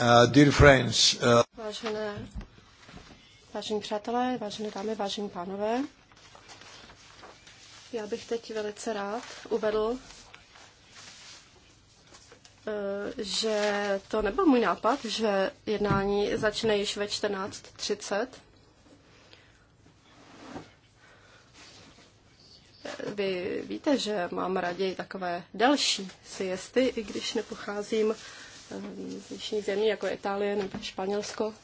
Uh, uh, vážené, vážení přátelé, vážené dámy, vážení pánové, já bych teď velice rád uvedl, uh, že to nebyl můj nápad, že jednání začne již ve 14.30. Vy víte, že mám raději takové delší siesty, i když nepocházím z zemí, jako Itálie nebo Španělsko.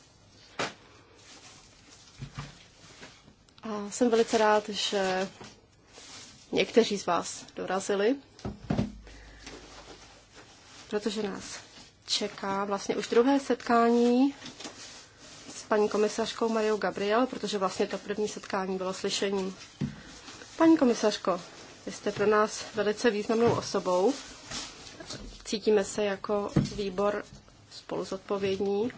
A jsem velice rád, že někteří z vás dorazili, protože nás čeká vlastně už druhé setkání s paní komisařkou Mariou Gabriel, protože vlastně to první setkání bylo slyšením. Paní komisařko, vy jste pro nás velice významnou osobou, cítíme se jako výbor spolu zodpovědní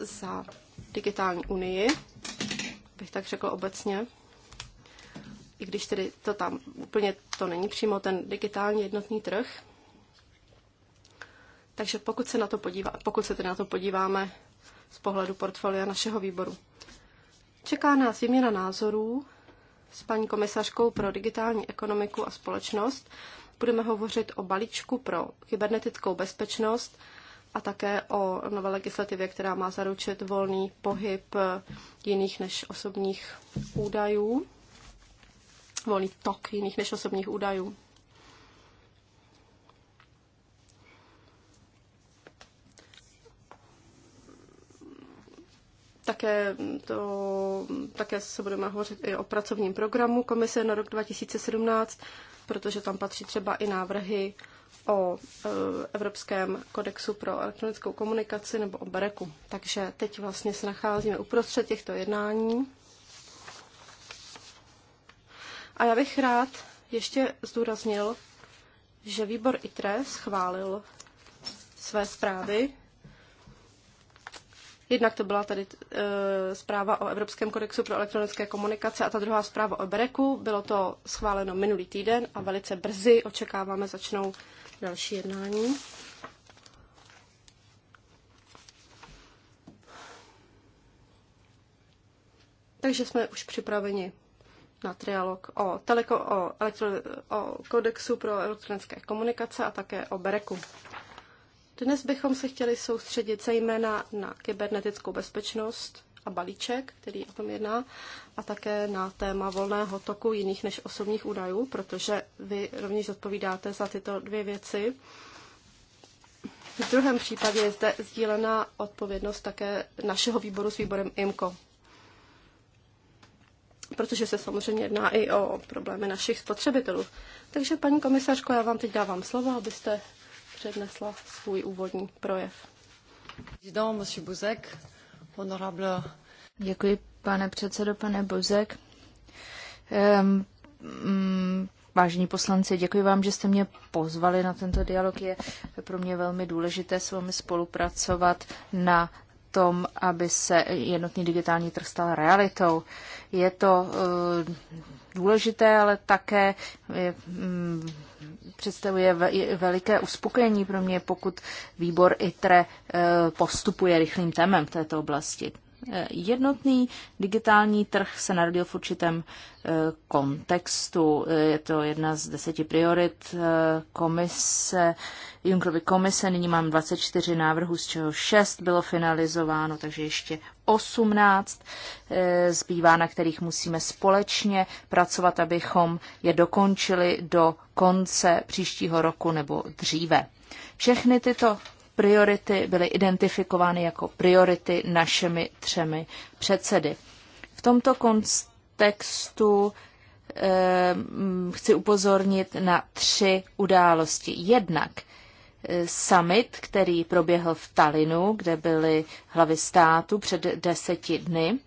za digitální unii, bych tak řekl obecně. I když tedy to tam úplně to není přímo ten digitální jednotný trh. Takže pokud se, na to podívá, pokud se tedy na to podíváme z pohledu portfolia našeho výboru. Čeká nás výměna názorů s paní komisařkou pro digitální ekonomiku a společnost. Budeme hovořit o balíčku pro kybernetickou bezpečnost a také o nové legislativě, která má zaručit volný pohyb jiných než osobních údajů, volný tok jiných než osobních údajů. Také, to, také se budeme hovořit i o pracovním programu komise na rok 2017, protože tam patří třeba i návrhy o e, Evropském kodexu pro elektronickou komunikaci nebo o BEREKu. Takže teď vlastně se nacházíme uprostřed těchto jednání. A já bych rád ještě zdůraznil, že výbor ITRE schválil své zprávy Jednak to byla tady e, zpráva o Evropském kodexu pro elektronické komunikace a ta druhá zpráva o Bereku. Bylo to schváleno minulý týden a velice brzy očekáváme začnou další jednání. Takže jsme už připraveni na trialog o, teleko, o, elektro, o kodexu pro elektronické komunikace a také o Bereku. Dnes bychom se chtěli soustředit zejména na kybernetickou bezpečnost a balíček, který o tom jedná, a také na téma volného toku jiných než osobních údajů, protože vy rovněž odpovídáte za tyto dvě věci. V druhém případě je zde sdílená odpovědnost také našeho výboru s výborem IMCO, protože se samozřejmě jedná i o problémy našich spotřebitelů. Takže, paní komisařko, já vám teď dávám slovo, abyste přednesla svůj úvodní projev. Děkuji, pane předsedo, pane Bozek. Um, um, mm, vážení poslanci, děkuji vám, že jste mě pozvali na tento dialog. Je pro mě velmi důležité s vámi spolupracovat na tom, aby se jednotný digitální trh stal realitou. Je to eh, důležité, ale také mm, představuje veliké uspokojení pro mě, pokud výbor ITRE eh, postupuje rychlým temem v této oblasti. Eh, jednotný digitální trh se narodil v určitém eh, kontextu. Eh, je to jedna z deseti priorit komise, Junckerovy komise. Nyní mám 24 návrhů, z čeho 6 bylo finalizováno, takže ještě 18 zbývá, na kterých musíme společně pracovat, abychom je dokončili do konce příštího roku nebo dříve. Všechny tyto priority byly identifikovány jako priority našimi třemi předsedy. V tomto kontextu eh, chci upozornit na tři události. Jednak eh, summit, který proběhl v Talinu, kde byly hlavy státu před deseti dny.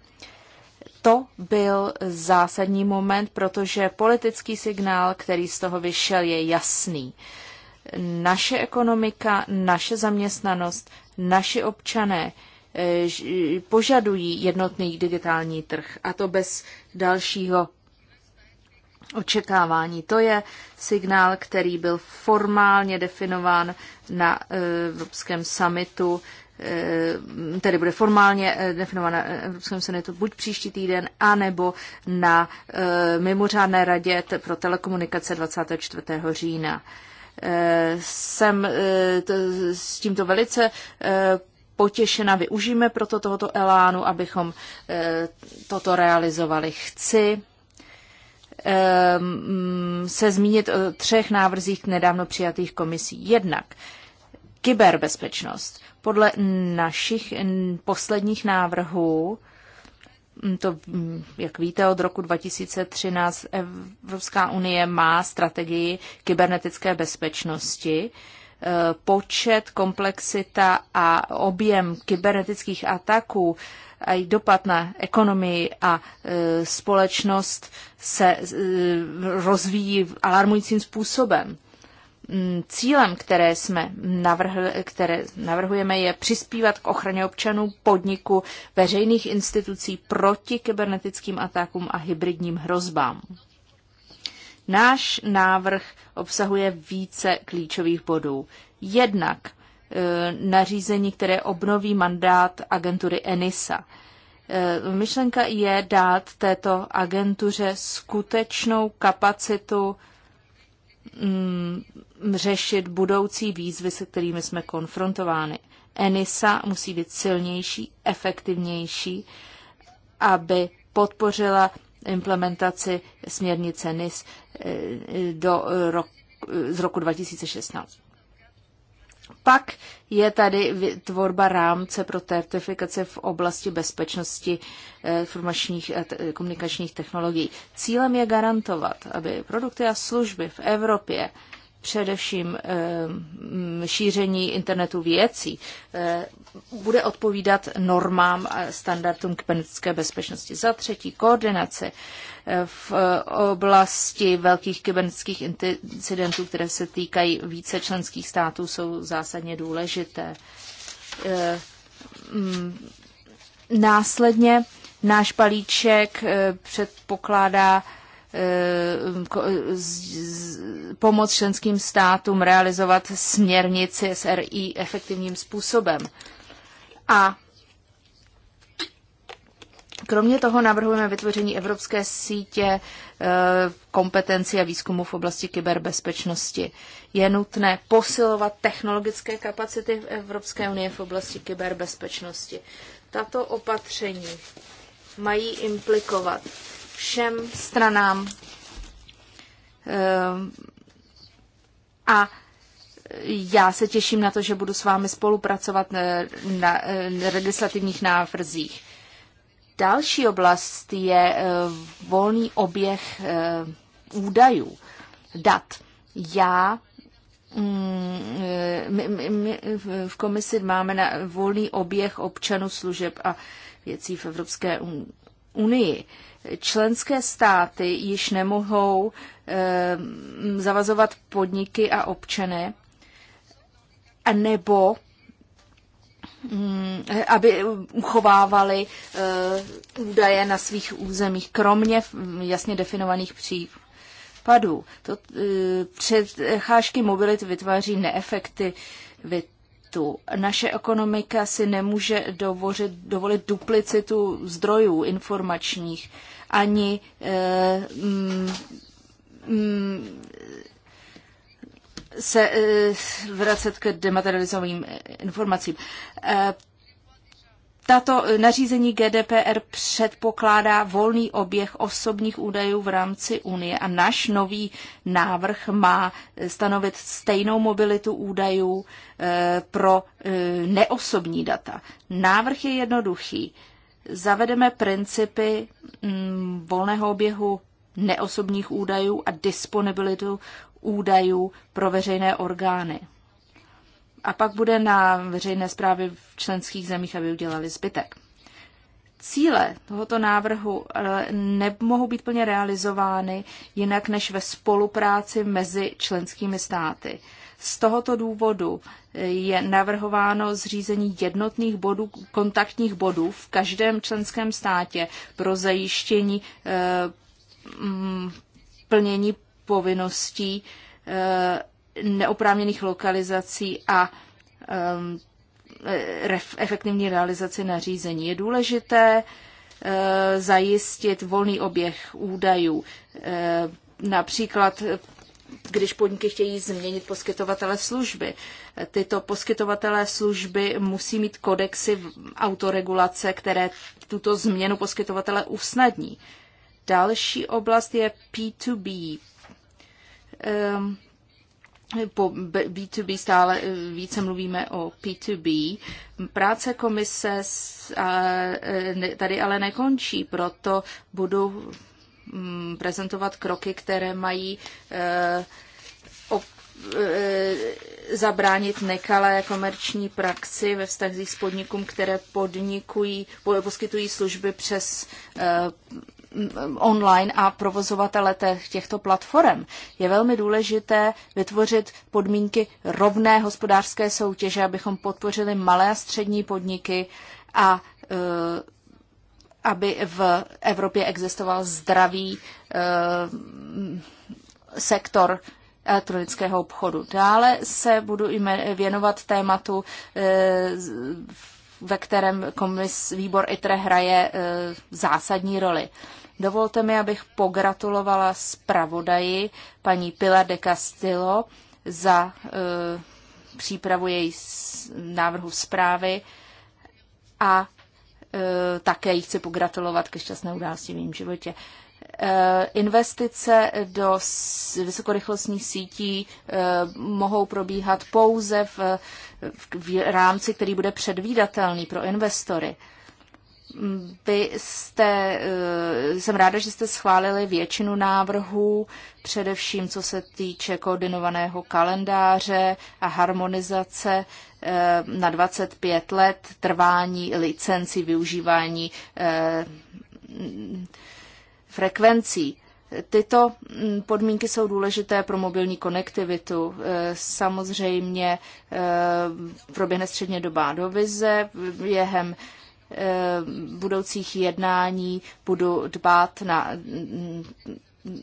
To byl zásadní moment, protože politický signál, který z toho vyšel, je jasný naše ekonomika, naše zaměstnanost, naši občané eh, požadují jednotný digitální trh a to bez dalšího očekávání. To je signál, který byl formálně definován na eh, Evropském summitu, eh, tedy bude formálně definován na Evropském summitu buď příští týden, anebo na mimořádné radě pro telekomunikace 24. října. Jsem eh, s tímto velice eh, potěšena. Využijeme proto tohoto elánu, abychom eh, toto realizovali. Chci mm, se zmínit o třech návrzích nedávno přijatých komisí. Jednak kyberbezpečnost. Podle našich posledních návrhů Mm, to, mm, jak víte, od roku 2013 Evropská unie má strategii kybernetické bezpečnosti. E, počet, komplexita a objem kybernetických ataků a i dopad na ekonomii a e, společnost se e, rozvíjí alarmujícím způsobem. Mm, cílem, které jsme navrhli, které navrhujeme, je přispívat k ochraně občanů, podniku, veřejných institucí proti kybernetickým atakům a hybridním hrozbám. Náš návrh obsahuje více klíčových bodů. Jednak e, nařízení, které obnoví mandát agentury ENISA. E, myšlenka je dát této agentuře skutečnou kapacitu Mm, řešit budoucí výzvy, se kterými jsme konfrontovány. ENISA musí být silnější, efektivnější, aby podpořila implementaci směrnice NIS eh, do eh, roku, eh, z roku 2016. Pak je tady tvorba rámce pro certifikace v oblasti bezpečnosti eh, informačních a eh, komunikačních technologií. Cílem je garantovat, aby produkty a služby v Evropě především eh, šíření internetu věcí, eh, bude odpovídat normám a standardům kybernetické bezpečnosti. Za třetí, koordinace eh, v oblasti velkých kybernetických incidentů, které se týkají více členských států, jsou zásadně důležité. Následně náš palíček předpokládá Eh, pomoc členským státům realizovat směrnici SRI efektivním způsobem. A kromě toho navrhujeme vytvoření evropské sítě eh, kompetenci a výzkumu v oblasti kyberbezpečnosti. Je nutné posilovat technologické kapacity v Evropské unie v oblasti kyberbezpečnosti. Tato opatření mají implikovat všem stranám. Ehm, a já se těším na to, že budu s vámi spolupracovat eh, eh, na legislativních návrzích. Další oblast je eh, volný oběh údajů, dat. Já mm, my, my, my v komisi máme na volný oběh občanů služeb a věcí v Evropské unii. Členské státy již nemohou e, zavazovat podniky a občany, a nebo mm, aby uchovávali eh, údaje na svých územích, kromě jasně definovaných případů. To, eh, předcházky mobility vytváří neefektivitu duplicitu. Naše ekonomika si nemůže dovořit, dovolit duplicitu zdrojů informačních ani eh, mm, mm, se eh, vracet k dematerializovaným informacím. Eh, tato nařízení GDPR předpokládá volný oběh osobních údajů v rámci Unie a náš nový návrh má stanovit stejnou mobilitu údajů eh, pro eh, neosobní data. Návrh je jednoduchý. Zavedeme principy mm, volného oběhu neosobních údajů a disponibilitu údajů pro veřejné orgány a pak bude na veřejné zprávy v členských zemích, aby udělali zbytek. Cíle tohoto návrhu eh, nemohou být plně realizovány jinak než ve spolupráci mezi členskými státy. Z tohoto důvodu eh, je navrhováno zřízení jednotných bodů, kontaktních bodů v každém členském státě pro zajištění eh, plnění povinností neoprávněných lokalizací a um, e, efektivní realizaci nařízení. Je důležité uh, zajistit volný oběh údajů. Uh, například když podniky chtějí změnit poskytovatele služby. Tyto poskytovatele služby musí mít kodexy autoregulace, které tuto změnu poskytovatele usnadní. Další oblast je P2B. Um, ehm, po B2B stále eh, více mluvíme o P2B. Práce komise eh, tady ale nekončí, proto budu mm, prezentovat kroky, které mají eh, zabránit nekalé komerční praxi ve vztazích s podnikům, které podnikují, poskytují služby přes online a provozovatele těchto platform. Je velmi důležité vytvořit podmínky rovné hospodářské soutěže, abychom podpořili malé a střední podniky a e, aby v Evropě existoval zdravý e, sektor elektronického obchodu. Dále se budu věnovat tématu, e, ve kterém komis, výbor ITRE hraje zásadní roli. Dovolte mi, abych pogratulovala zpravodaji paní Pilar de Castillo za e, přípravu její návrhu zprávy a e, také jí chci pogratulovat ke šťastné události v jejím životě. E, investice do vysokorychlostních sítí e, mohou probíhat pouze v, v, v rámci, který bude předvídatelný pro investory. E, vy jste, eh, jsem ráda, že jste schválili většinu návrhů, především co se týče koordinovaného kalendáře a harmonizace eh, na 25 let trvání licenci využívání eh, frekvencí. Tyto mm, podmínky jsou důležité pro mobilní konektivitu. Samozřejmě proběhne středně doba do během Eh, budoucích jednání budu dbát na mm,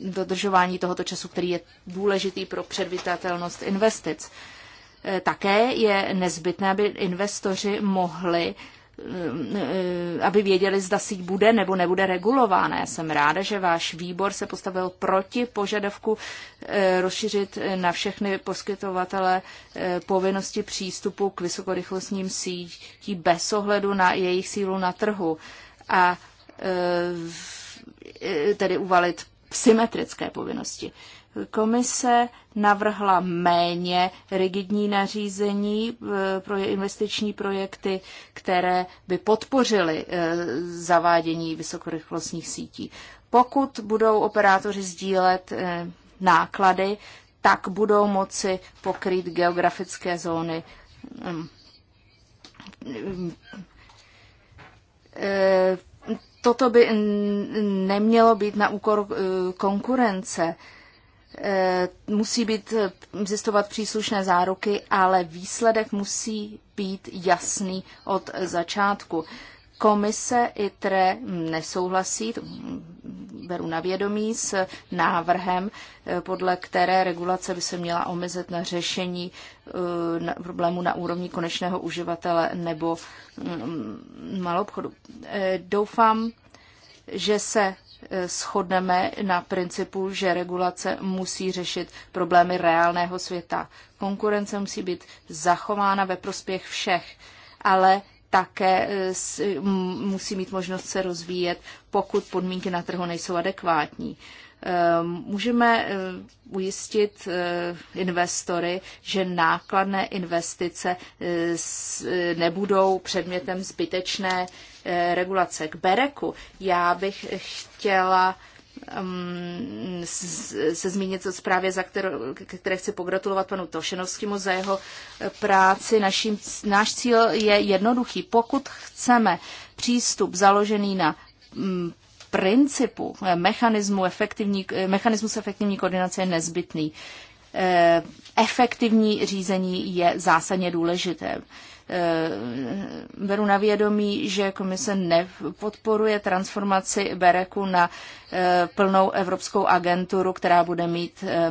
dodržování tohoto času, který je důležitý pro předvitatelnost investic. Eh, také je nezbytné, aby investoři mohli Eh, aby věděli, zda síť bude nebo nebude regulována. Já jsem ráda, že váš výbor se postavil proti požadavku eh, rozšířit na všechny poskytovatele eh, povinnosti přístupu k vysokorychlostním sítí bez ohledu na jejich sílu na trhu a tedy uvalit symetrické povinnosti. Komise navrhla méně rigidní nařízení eh, pro investiční projekty, které by podpořily eh, zavádění vysokorychlostních sítí. Pokud budou operátoři sdílet eh, náklady, tak budou moci pokrýt geografické zóny hm. toto by nemělo být na úkor konkurence. Eh, musí být eh, existovat příslušné záruky, ale výsledek musí být jasný od začátku. Komise ITRE nesouhlasí, beru na vědomí, s návrhem, eh, podle které regulace by se měla omezit na řešení problému na úrovni konečného uživatele nebo mm, mm, malobchodu. Doufám, že se Eh, shodneme na principu, že regulace musí řešit problémy reálného světa. Konkurence musí být zachována ve prospěch všech, ale také eh, musí mít možnost se rozvíjet, pokud podmínky na trhu nejsou adekvátní. Eh, můžeme ujistit investory, že nákladné investice nebudou předmětem zbytečné Eh, regulace k Bereku, já bych chtěla um, se zmínit o zprávě, za kterou, které chci pogratulovat panu Tošenovskému za jeho eh, práci. Naším, náš cíl je jednoduchý. Pokud chceme přístup založený na um, principu eh, mechanismu efektivní, mechanismus efektivní koordinace je nezbytný. Efektivní řízení je zásadně důležité. Eh, beru na vědomí, že komise nepodporuje transformaci Bereku na eh, plnou evropskou agenturu, která bude mít eh,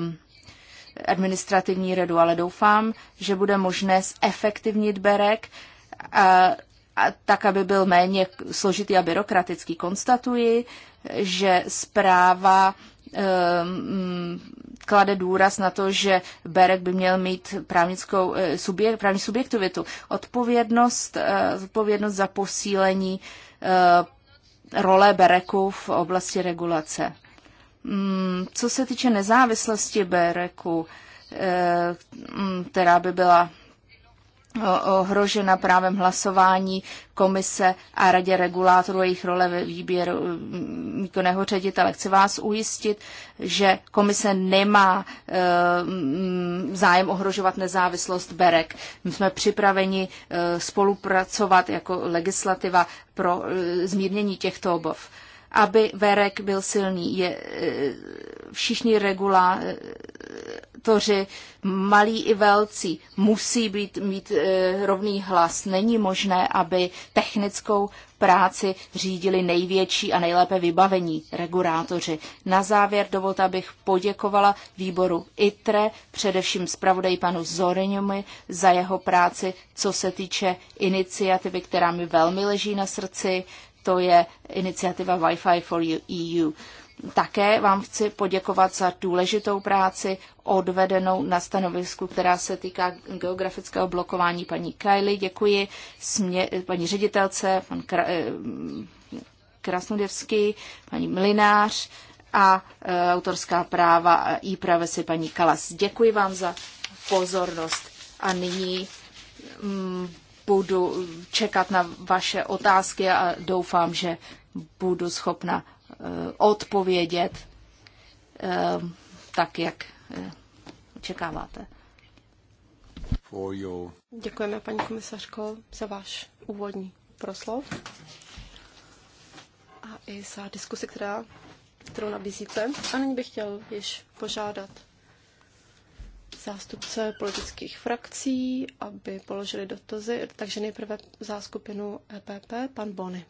administrativní redu, ale doufám, že bude možné zefektivnit Berek a, a tak, aby byl méně složitý a byrokratický. Konstatuji, že zpráva Ehm, mm, klade důraz na to, že Berek by měl mít právnickou eh, subjekt, právní subjektivitu, odpovědnost, eh, odpovědnost za posílení eh, role Bereku v oblasti regulace. Mm, co se týče nezávislosti Bereku, mm, která by byla ohrožena právem hlasování komise a radě regulátorů jejich role ve výběru mm, výkonného ředitele. Chci vás ujistit, že komise nemá e, mm, zájem ohrožovat nezávislost BEREK. My jsme připraveni e, spolupracovat jako legislativa pro e, zmírnění těchto obav. Aby verek byl silný, je, všichni regulá, investoři, malí i velcí, musí být, mít e, rovný hlas. Není možné, aby technickou práci řídili největší a nejlépe vybavení regulátoři. Na závěr dovolte, abych poděkovala výboru ITRE, především zpravodaji panu Zoriňovi za jeho práci, co se týče iniciativy, která mi velmi leží na srdci, to je iniciativa Wi-Fi for EU. Také vám chci poděkovat za důležitou práci odvedenou na stanovisku, která se týká geografického blokování paní Kajly. Děkuji smě, paní ředitelce, pan Kra, eh, Krasnodevský, paní Mlinář a eh, autorská práva a i právě si paní Kalas. Děkuji vám za pozornost a nyní m, mm, budu čekat na vaše otázky a doufám, že budu schopna Eh, odpovědět eh, tak, jak eh, očekáváte. Děkujeme, paní komisařko, za váš úvodní proslov a i za diskusi, která, kterou nabízíte. A nyní bych chtěl již požádat zástupce politických frakcí, aby položili dotazy. Takže nejprve za skupinu EPP, pan Bony.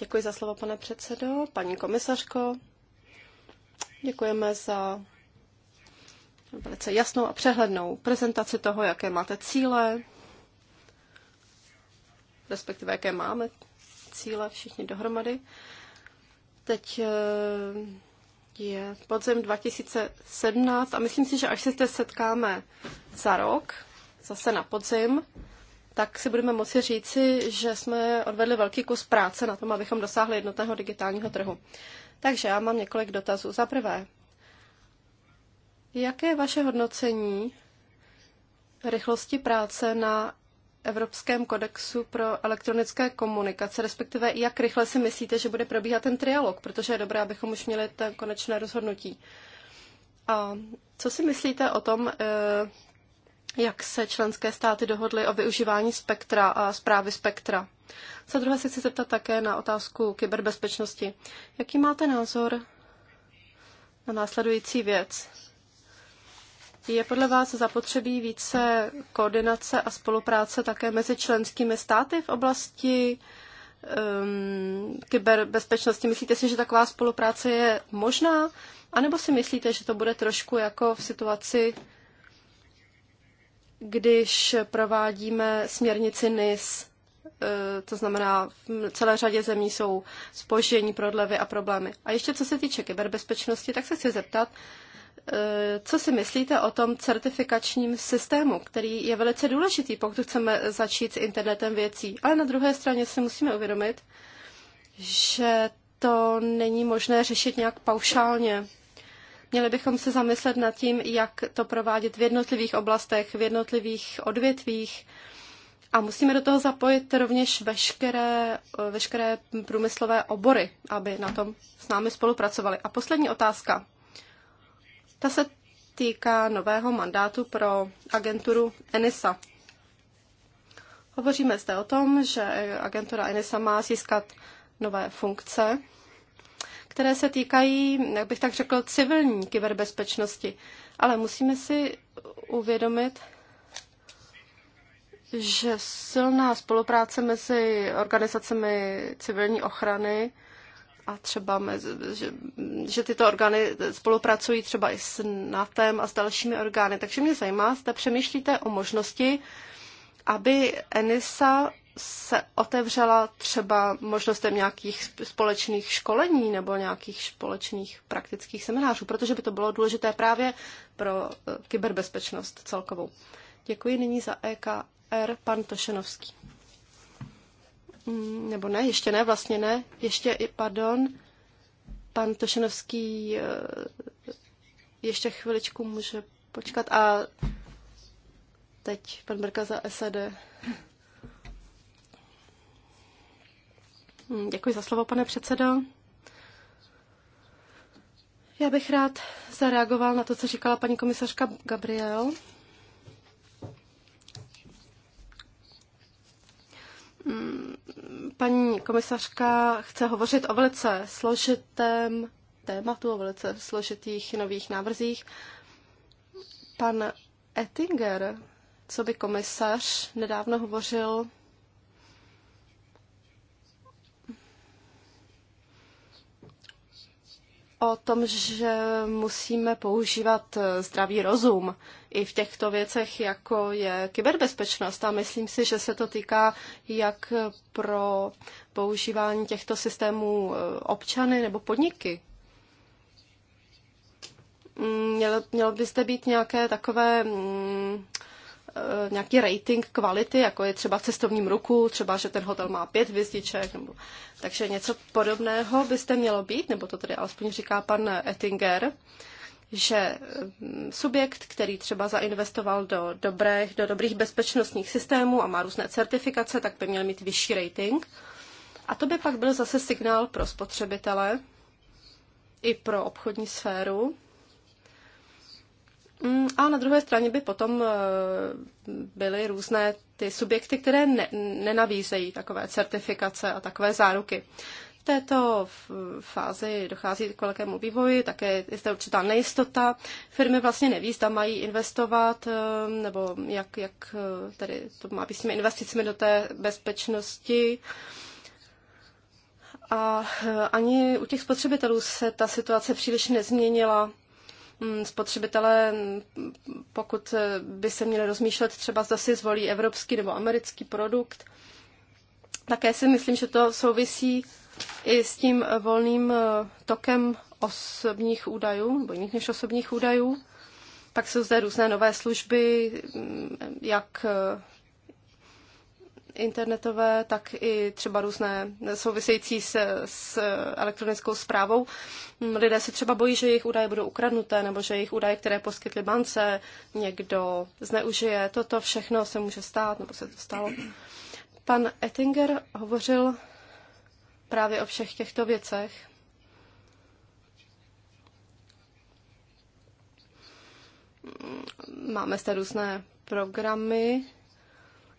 Děkuji za slovo, pane předsedo. Paní komisařko, děkujeme za velice jasnou a přehlednou prezentaci toho, jaké máte cíle, respektive jaké máme cíle všichni dohromady. Teď eh, je podzem 2017 a myslím si, že až se zde setkáme za rok, zase na podzim, tak si budeme moci říci, že jsme odvedli velký kus práce na tom, abychom dosáhli jednotného digitálního trhu. Takže já mám několik dotazů. Za prvé, jaké je vaše hodnocení rychlosti práce na Evropském kodexu pro elektronické komunikace, respektive jak rychle si myslíte, že bude probíhat ten trialog, protože je dobré, abychom už měli to konečné rozhodnutí. A co si myslíte o tom, eh, jak se členské státy dohodly o využívání spektra a zprávy spektra. Za druhé se chci zeptat také na otázku kyberbezpečnosti. Jaký máte názor na následující věc? Je podle vás zapotřebí více koordinace a spolupráce také mezi členskými státy v oblasti um, kyberbezpečnosti? Myslíte si, že taková spolupráce je možná? A nebo si myslíte, že to bude trošku jako v situaci když provádíme směrnici NIS, eh, to znamená, v celé řadě zemí jsou spoždění, prodlevy a problémy. A ještě co se týče kyberbezpečnosti, tak se chci zeptat, eh, co si myslíte o tom certifikačním systému, který je velice důležitý, pokud chceme začít s internetem věcí. Ale na druhé straně si musíme uvědomit, že to není možné řešit nějak paušálně. Měli bychom se zamyslet nad tím, jak to provádět v jednotlivých oblastech, v jednotlivých odvětvích. A musíme do toho zapojit rovněž veškeré, veškeré průmyslové obory, aby na tom s námi spolupracovali. A poslední otázka. Ta se týká nového mandátu pro agenturu ENISA. Hovoříme zde o tom, že agentura ENISA má získat nové funkce které se týkají, jak bych tak řekl, civilní kyberbezpečnosti. Ale musíme si uvědomit, že silná spolupráce mezi organizacemi civilní ochrany a třeba, mezi, že, že tyto orgány spolupracují třeba i s NATEM a s dalšími orgány. Takže mě zajímá, zda přemýšlíte o možnosti, aby ENISA se otevřela třeba možnostem nějakých společných školení nebo nějakých společných praktických seminářů, protože by to bylo důležité právě pro e, kyberbezpečnost celkovou. Děkuji nyní za EKR pan Tošenovský. Mm, nebo ne, ještě ne, vlastně ne, ještě i, pardon, pan Tošenovský e, ještě chviličku může počkat a teď pan Brka za SED. Hm, děkuji za slovo, pane předsedo. Já bych rád zareagoval na to, co říkala paní komisařka Gabriel. Hm, paní komisařka chce hovořit o velice složitém tématu, o velice složitých nových návrzích. Pan Ettinger, co by komisař, nedávno hovořil o tom, že musíme používat eh, zdravý rozum i v těchto věcech, jako je kyberbezpečnost. A myslím si, že se to týká jak pro používání těchto systémů eh, občany nebo podniky. Mm, mělo, mělo by zde být nějaké takové mm, Eh, nějaký rating kvality, jako je třeba v cestovním ruku, třeba, že ten hotel má pět hvězdiček, nebo... takže něco podobného byste mělo být, nebo to tedy alespoň říká pan Ettinger, že mm, subjekt, který třeba zainvestoval do, dobrých, do dobrých bezpečnostních systémů a má různé certifikace, tak by měl mít vyšší rating. A to by pak byl zase signál pro spotřebitele i pro obchodní sféru, Mm, a na druhé straně by potom eh, byly různé ty subjekty, které ne, nenavízejí takové certifikace a takové záruky. V této fázi dochází k velkému vývoji, také je zde určitá nejistota. Firmy vlastně neví, zda mají investovat, eh, nebo jak, jak eh, tedy to má být s těmi investicemi do té bezpečnosti. A ani u těch spotřebitelů se ta situace příliš nezměnila Mm, spotřebitelé, mm, pokud eh, by se měli rozmýšlet třeba, zda si zvolí evropský nebo americký produkt, také si myslím, že to souvisí i s tím volným eh, tokem osobních údajů, nebo jiných než osobních údajů. Pak jsou zde různé nové služby, mm, jak eh, internetové, tak i třeba různé související se, s elektronickou zprávou. Lidé se třeba bojí, že jejich údaje budou ukradnuté, nebo že jejich údaje, které poskytly bance, někdo zneužije. Toto všechno se může stát, nebo se to stalo. Pan Ettinger hovořil právě o všech těchto věcech. Máme zde různé programy,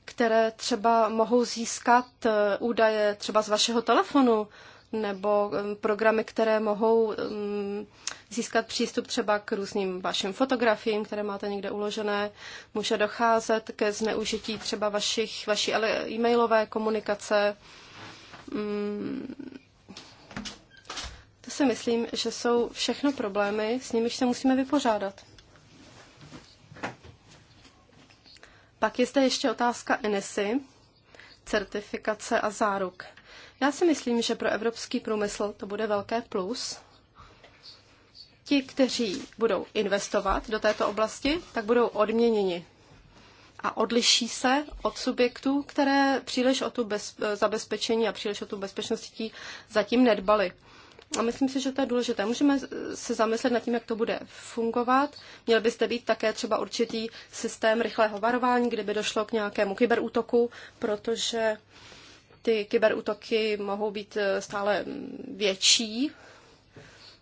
které třeba mohou získat eh, údaje třeba z vašeho telefonu, nebo eh, programy, které mohou mm, získat přístup třeba k různým vašim fotografiím, které máte někde uložené. Může docházet ke zneužití třeba vašich, vaší e-mailové komunikace. Mm, to si myslím, že jsou všechno problémy, s nimiž se musíme vypořádat. Pak je zde ještě otázka NSI, certifikace a záruk. Já si myslím, že pro evropský průmysl to bude velké plus. Ti, kteří budou investovat do této oblasti, tak budou odměněni a odliší se od subjektů, které příliš o tu bez, e, zabezpečení a příliš o tu bezpečnost zatím nedbali. A myslím si, že to je důležité. Můžeme se zamyslet nad tím, jak to bude fungovat. Měl byste být také třeba určitý systém rychlého varování, kdyby došlo k nějakému kyberútoku, protože ty kyberútoky mohou být eh, stále mm, větší,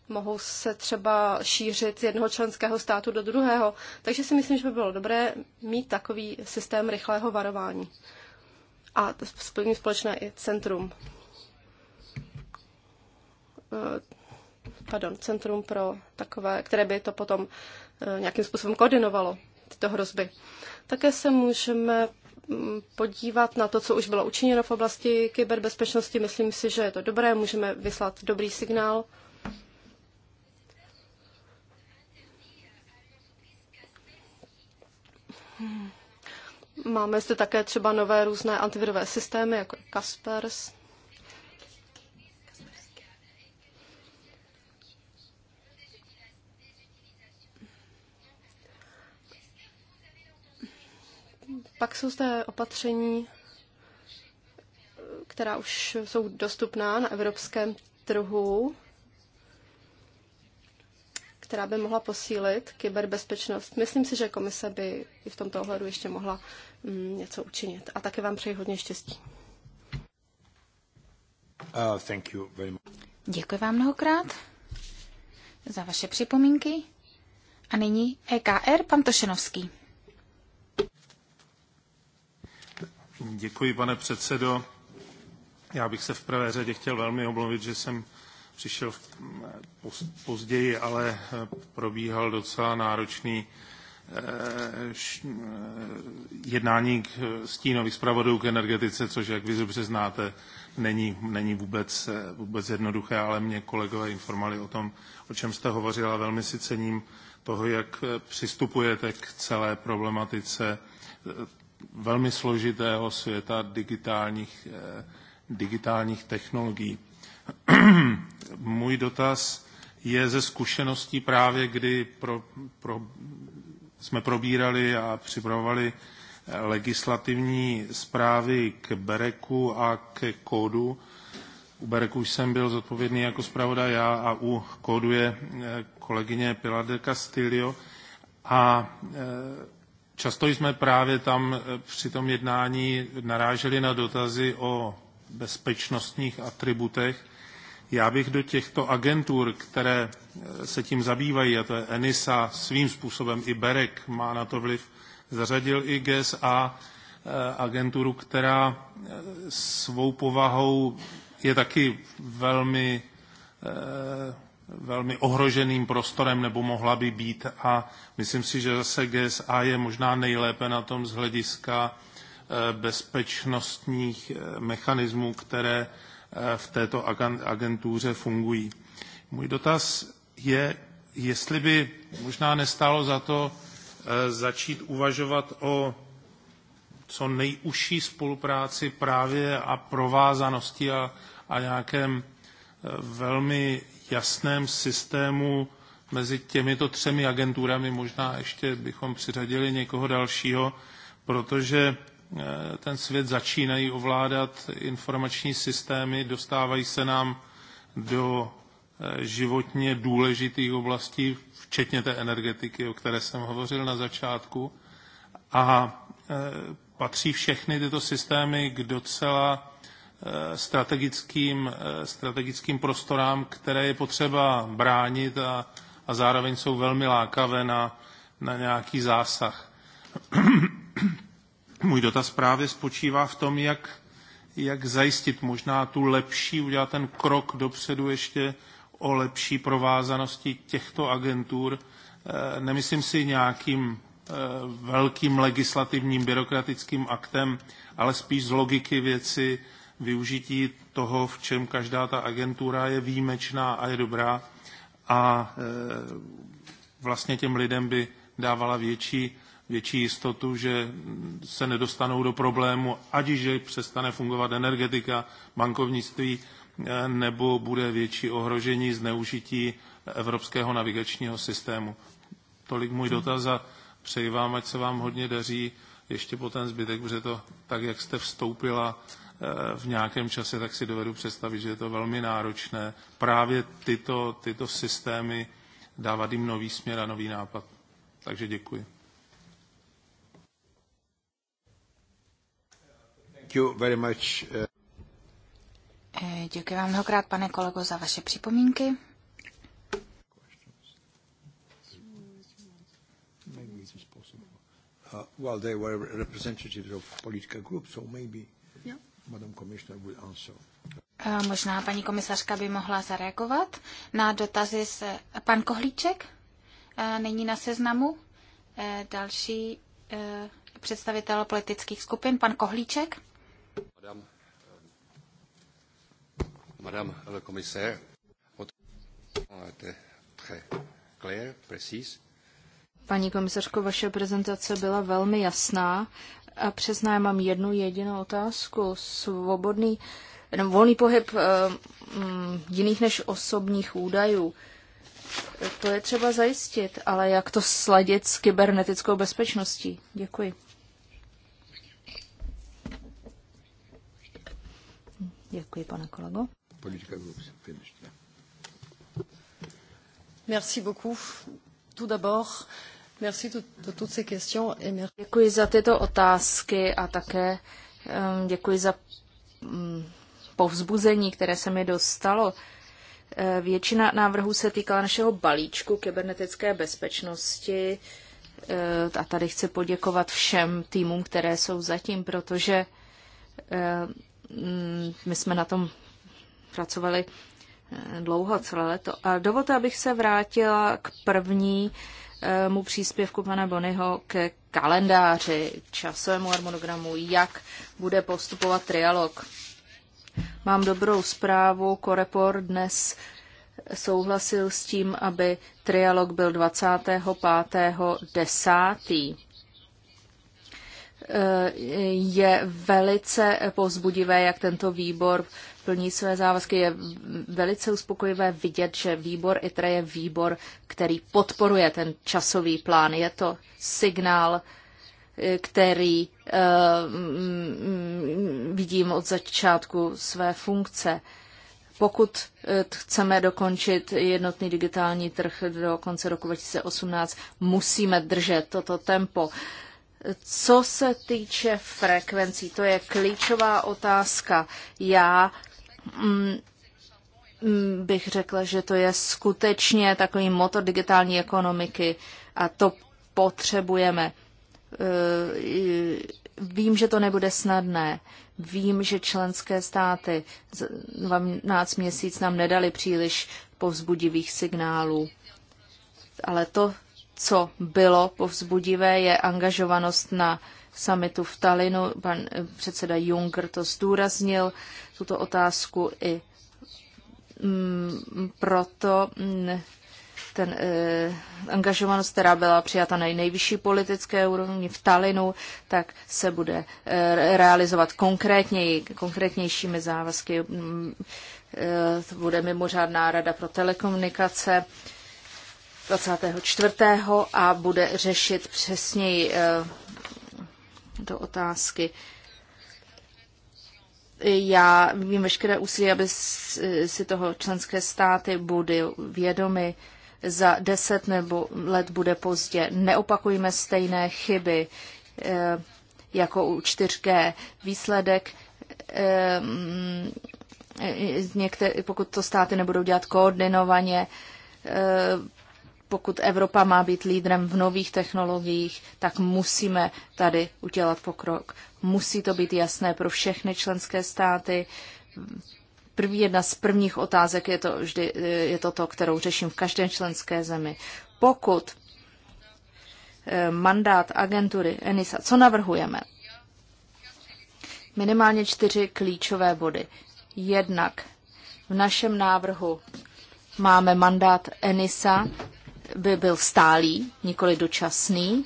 mohou se třeba šířit z jednoho členského státu do druhého. Takže si myslím, že by bylo dobré mít takový systém rychlého varování. A s společné i centrum. Eh, pardon, centrum pro takové, které by to potom eh, nějakým způsobem koordinovalo, tyto hrozby. Také se můžeme mm, podívat na to, co už bylo učiněno v oblasti kyberbezpečnosti. Myslím si, že je to dobré, můžeme vyslat dobrý signál. Máme zde také třeba nové různé antivirové systémy, jako Kaspers. Pak jsou zde opatření, která už jsou dostupná na evropském trhu, která by mohla posílit kyberbezpečnost. Myslím si, že komise by i v tomto ohledu ještě mohla mm, něco učinit. A také vám přeji hodně štěstí. Uh, thank you very much. Děkuji vám mnohokrát za vaše připomínky. A nyní EKR, pan Tošenovský. Děkuji, pane předsedo. Já bych se v prvé řadě chtěl velmi omluvit, že jsem přišel později, ale eh, probíhal docela náročný eh, eh, jednání k stínových zpravodů k energetice, což, jak vy dobře znáte, není, není vůbec, vůbec jednoduché, ale mě kolegové informovali o tom, o čem jste hovořila. Velmi si cením toho, jak přistupujete k celé problematice velmi složitého světa digitálních, eh, digitálních technologií. Můj dotaz je ze zkušeností právě, kdy pro, pro, jsme probírali a připravovali eh, legislativní zprávy k Bereku a k kódu. U Bereku jsem byl zodpovědný jako zpravodaj já a u kódu je eh, kolegyně Pilar de Castillo. A Často jsme právě tam eh, při tom jednání naráželi na dotazy o bezpečnostních atributech. Já bych do těchto agentur, které eh, se tím zabývají, a to je ENISA, svým způsobem i Berek má na to vliv, zařadil i GSA, eh, agenturu, která svou povahou je taky velmi velmi ohroženým prostorem, nebo mohla by být. A myslím si, že zase GSA je možná nejlépe na tom z hlediska eh, bezpečnostních eh, mechanismů, které eh, v této agentuře fungují. Můj dotaz je, jestli by možná nestálo za to začít uvažovat o co nejužší spolupráci právě a provázanosti a, a nějakém velmi jasném systému mezi těmito třemi agenturami. Možná ještě bychom přiřadili někoho dalšího, protože eh, ten svět začínají ovládat informační systémy, dostávají se nám do eh, životně důležitých oblastí, včetně té energetiky, o které jsem hovořil na začátku. A eh, patří všechny tyto systémy k docela Eh, strategickým, eh, strategickým prostorám, které je potřeba bránit a, a zároveň jsou velmi lákavé na, na nějaký zásah. Můj dotaz právě spočívá v tom, jak, jak zajistit možná tu lepší, udělat ten krok dopředu ještě o lepší provázanosti těchto agentur. Eh, nemyslím si nějakým velkým legislativním byrokratickým aktem, ale spíš z logiky věci využití toho, v čem každá ta agentura je výjimečná a je dobrá a e, vlastně těm lidem by dávala větší, větší jistotu, že se nedostanou do problému, ať že přestane fungovat energetika, bankovnictví, e, nebo bude větší ohrožení zneužití evropského navigačního systému. Tolik můj dotaz a přeji vám, ať se vám hodně daří ještě po ten zbytek, protože to tak, jak jste vstoupila v nějakém čase, tak si dovedu představit, že je to velmi náročné právě tyto, tyto systémy dávat jim nový směr a nový nápad. Takže děkuji. Uh, eh, děkuji vám mnohokrát, pane kolego, za vaše připomínky. Uh, well, they were representatives of political groups, so maybe Eh, možná paní komisařka by mohla zareagovat na dotazy z pan Kohlíček. Eh, není na seznamu. Eh, další představitel politických skupin, pan Kohlíček. Madam, madam le commissaire, Paní komisařko, vaše prezentace byla velmi jasná a přesná, já mám jednu jedinou otázku. Svobodný, nebo volný pohyb um, jiných než osobních údajů. To je třeba zajistit, ale jak to sladit s kybernetickou bezpečností? Děkuji. Děkuji, pane kolego. Politika Merci beaucoup. Tout d'abord, Děkuji za tyto otázky a také um, děkuji za um, povzbuzení, které se mi dostalo. Uh, většina návrhů se týkala našeho balíčku kybernetické bezpečnosti uh, a tady chci poděkovat všem týmům, které jsou zatím, protože uh, mm, my jsme na tom pracovali dlouho, celé leto. A dovolte, abych se vrátila k první mu příspěvku pana Bonyho k kalendáři, časovému harmonogramu, jak bude postupovat trialog. Mám dobrou zprávu, Korepor dnes souhlasil s tím, aby trialog byl 25.10. Eh, je velice pozbudivé, jak tento výbor plní své závazky. Je velice uspokojivé vidět, že výbor ITRE je výbor, který podporuje ten časový plán. Je to signál, eh, který eh, mm, vidím od začátku své funkce. Pokud eh, chceme dokončit jednotný digitální trh do konce roku 2018, musíme držet toto tempo. Co se týče frekvencí, to je klíčová otázka. Já Mm, bych řekla, že to je skutečně takový motor digitální ekonomiky a to potřebujeme. Eh, vím, že to nebude snadné. Vím, že členské státy 12 měsíc nám nedali příliš povzbudivých signálů. Ale to, co bylo povzbudivé, je angažovanost na summitu v Talinu. Pan eh, předseda Juncker to zdůraznil tuto otázku i mm, proto mm, ten eh, angažovanost, která byla přijata na nejvyšší politické úrovni v Talinu, tak se bude eh, realizovat konkrétněji, konkrétnějšími závazky. Mm, eh, to bude mimořádná rada pro telekomunikace 24. a bude řešit přesněji eh, do otázky eh, já vím veškeré úsilí, aby si toho členské státy budy vědomy. Za deset nebo let bude pozdě. Neopakujme stejné chyby eh, jako u 4G. Výsledek eh, mm, eh, Některé, pokud to státy nebudou dělat koordinovaně, pokud Evropa má být lídrem v nových technologiích, tak musíme tady udělat pokrok. Musí to být jasné pro všechny členské státy. První jedna z prvních otázek je to, vždy, je to to, kterou řeším v každé členské zemi. Pokud eh, mandát agentury ENISA, co navrhujeme? Minimálně čtyři klíčové body. Jednak v našem návrhu máme mandát ENISA by byl stálý, nikoli dočasný.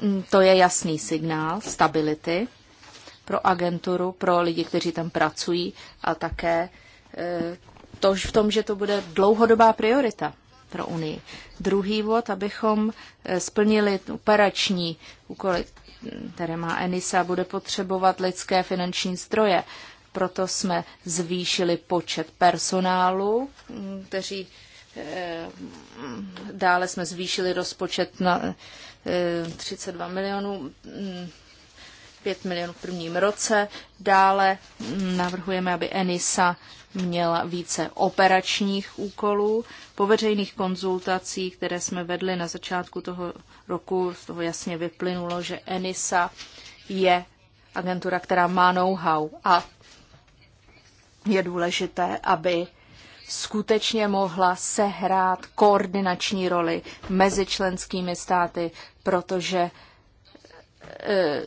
Mm, to je jasný signál stability pro agenturu, pro lidi, kteří tam pracují a také e, to v tom, že to bude dlouhodobá priorita pro Unii. Druhý vod, abychom e, splnili operační úkoly, které má Enisa, bude potřebovat lidské finanční stroje. Proto jsme zvýšili počet personálu, mm, kteří Eh, dále jsme zvýšili rozpočet na 32 eh, milionů, 5 mm, milionů v prvním roce. Dále mm, navrhujeme, aby Enisa měla více operačních úkolů. Po veřejných konzultacích, které jsme vedli na začátku toho roku, z toho jasně vyplynulo, že Enisa je agentura, která má know-how a je důležité, aby skutečně mohla sehrát koordinační roli mezi členskými státy, protože e,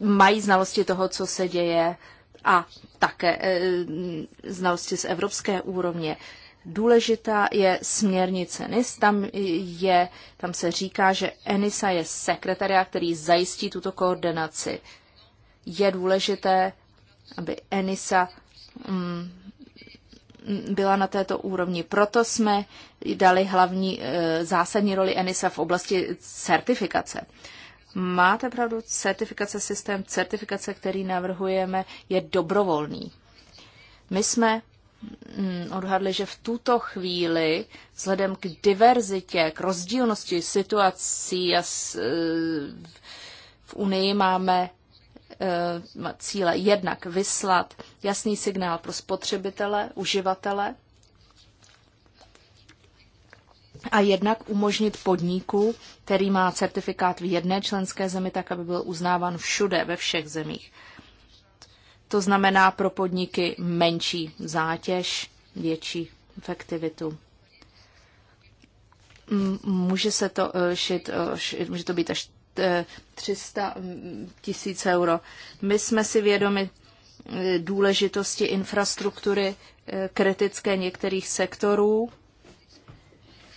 mají znalosti toho, co se děje a také e, znalosti z evropské úrovně. Důležitá je směrnice NIS. Tam, je, tam se říká, že ENISA je sekretariát, který zajistí tuto koordinaci. Je důležité, aby ENISA mm, byla na této úrovni. Proto jsme dali hlavní eh, zásadní roli ENISA v oblasti certifikace. Máte pravdu, certifikace systém, certifikace, který navrhujeme, je dobrovolný. My jsme mm, odhadli, že v tuto chvíli, vzhledem k diverzitě, k rozdílnosti situací a s, eh, v Unii máme Eh, cíle. Jednak vyslat jasný signál pro spotřebitele, uživatele a jednak umožnit podniku, který má certifikát v jedné členské zemi, tak aby byl uznáván všude, ve všech zemích. To znamená pro podniky menší zátěž, větší efektivitu. Může se to eh, šit, eh, může to být až 300 mm, tisíc euro. My jsme si vědomi e, důležitosti infrastruktury e, kritické některých sektorů.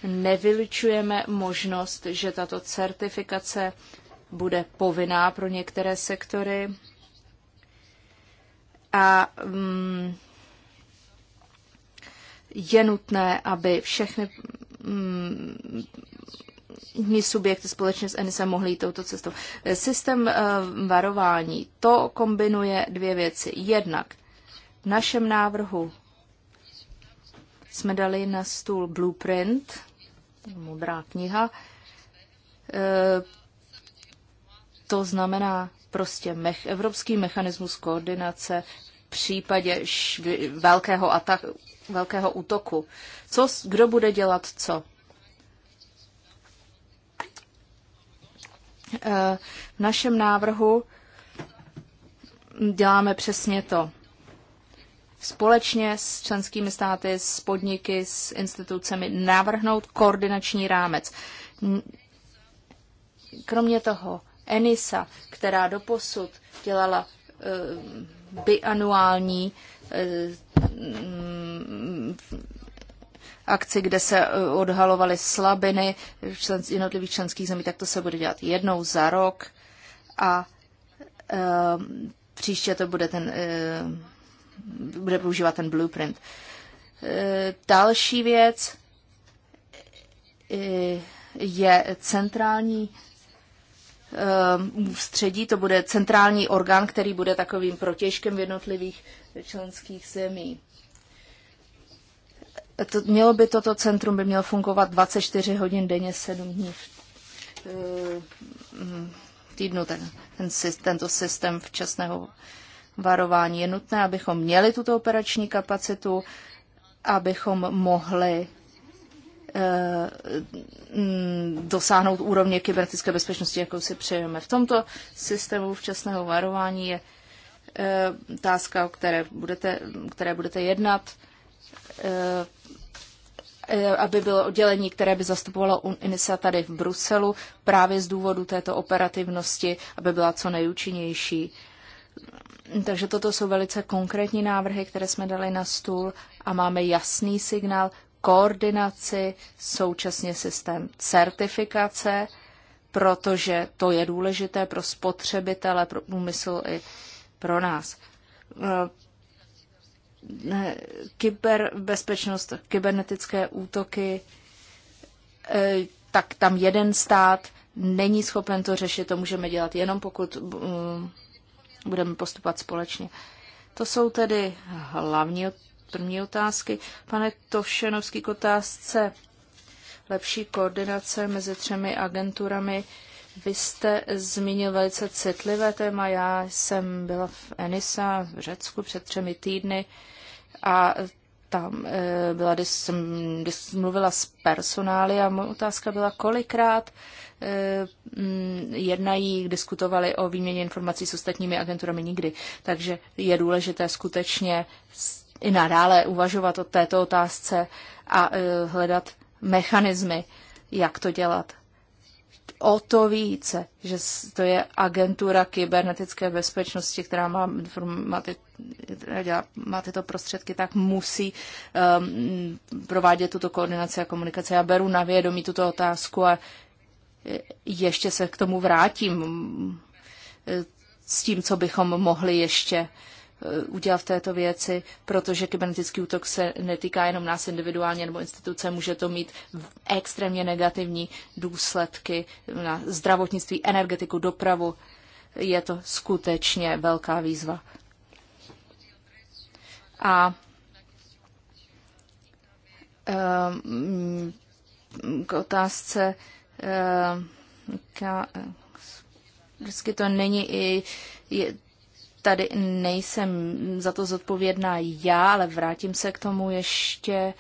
Nevylučujeme možnost, že tato certifikace bude povinná pro některé sektory. A mm, je nutné, aby všechny mm, jiní subjekty společně s Enisem mohli jít touto cestou. Eh, systém eh, varování, to kombinuje dvě věci. Jednak v našem návrhu jsme dali na stůl blueprint, modrá kniha. Eh, to znamená prostě mech, evropský mechanismus koordinace v případě š, velkého, ataku, velkého útoku. Co, kdo bude dělat co? V našem návrhu děláme přesně to. Společně s členskými státy, s podniky, s institucemi navrhnout koordinační rámec. Kromě toho, ENISA, která doposud dělala eh, bianuální eh, akci, kde se e, odhalovaly slabiny jednotlivých členských zemí, tak to se bude dělat jednou za rok a e, příště to bude ten, e, bude používat ten blueprint. E, další věc e, je centrální ehm, ústředí, to bude centrální orgán, který bude takovým protěžkem v jednotlivých členských zemí to, mělo by toto centrum by mělo fungovat 24 hodin denně, 7 dní e, mm, v týdnu. Ten, ten, tento systém včasného varování je nutné, abychom měli tuto operační kapacitu, abychom mohli e, mm, dosáhnout úrovně kybernetické bezpečnosti, jakou si přejeme. V tomto systému včasného varování je e, otázka, o které budete, které budete jednat Eh, aby bylo oddělení, které by zastupovalo UNISA tady v Bruselu právě z důvodu této operativnosti, aby byla co nejúčinnější. Takže toto jsou velice konkrétní návrhy, které jsme dali na stůl a máme jasný signál koordinaci, současně systém certifikace, protože to je důležité pro spotřebitele, pro úmysl i pro nás. Eh, kyberbezpečnost, kybernetické útoky, e, tak tam jeden stát není schopen to řešit, to můžeme dělat jenom pokud e, budeme postupovat společně. To jsou tedy hlavní první otázky. Pane Tovšenovský, k otázce lepší koordinace mezi třemi agenturami vy jste zmínil velice citlivé téma. Já jsem byla v Enisa v Řecku před třemi týdny a tam eh, byla, když jsem, když mluvila s personály a moje otázka byla, kolikrát eh, mm, jednají, diskutovali o výměně informací s ostatními agenturami nikdy. Takže je důležité skutečně i nadále uvažovat o této otázce a eh, hledat mechanismy, jak to dělat o to více, že to je agentura kybernetické bezpečnosti, která má, má, ty, dělá, má tyto prostředky, tak musí um, provádět tuto koordinaci a komunikaci. Já beru na vědomí tuto otázku a ještě se k tomu vrátím um, s tím, co bychom mohli ještě Eh, udělat v této věci, protože kybernetický útok se netýká jenom nás individuálně nebo instituce, může to mít extrémně negativní důsledky na zdravotnictví, energetiku, dopravu. Je to skutečně velká výzva. A ehm, k otázce ehm, eh, vždycky to není i tady nejsem za to zodpovědná já, ale vrátím se k tomu ještě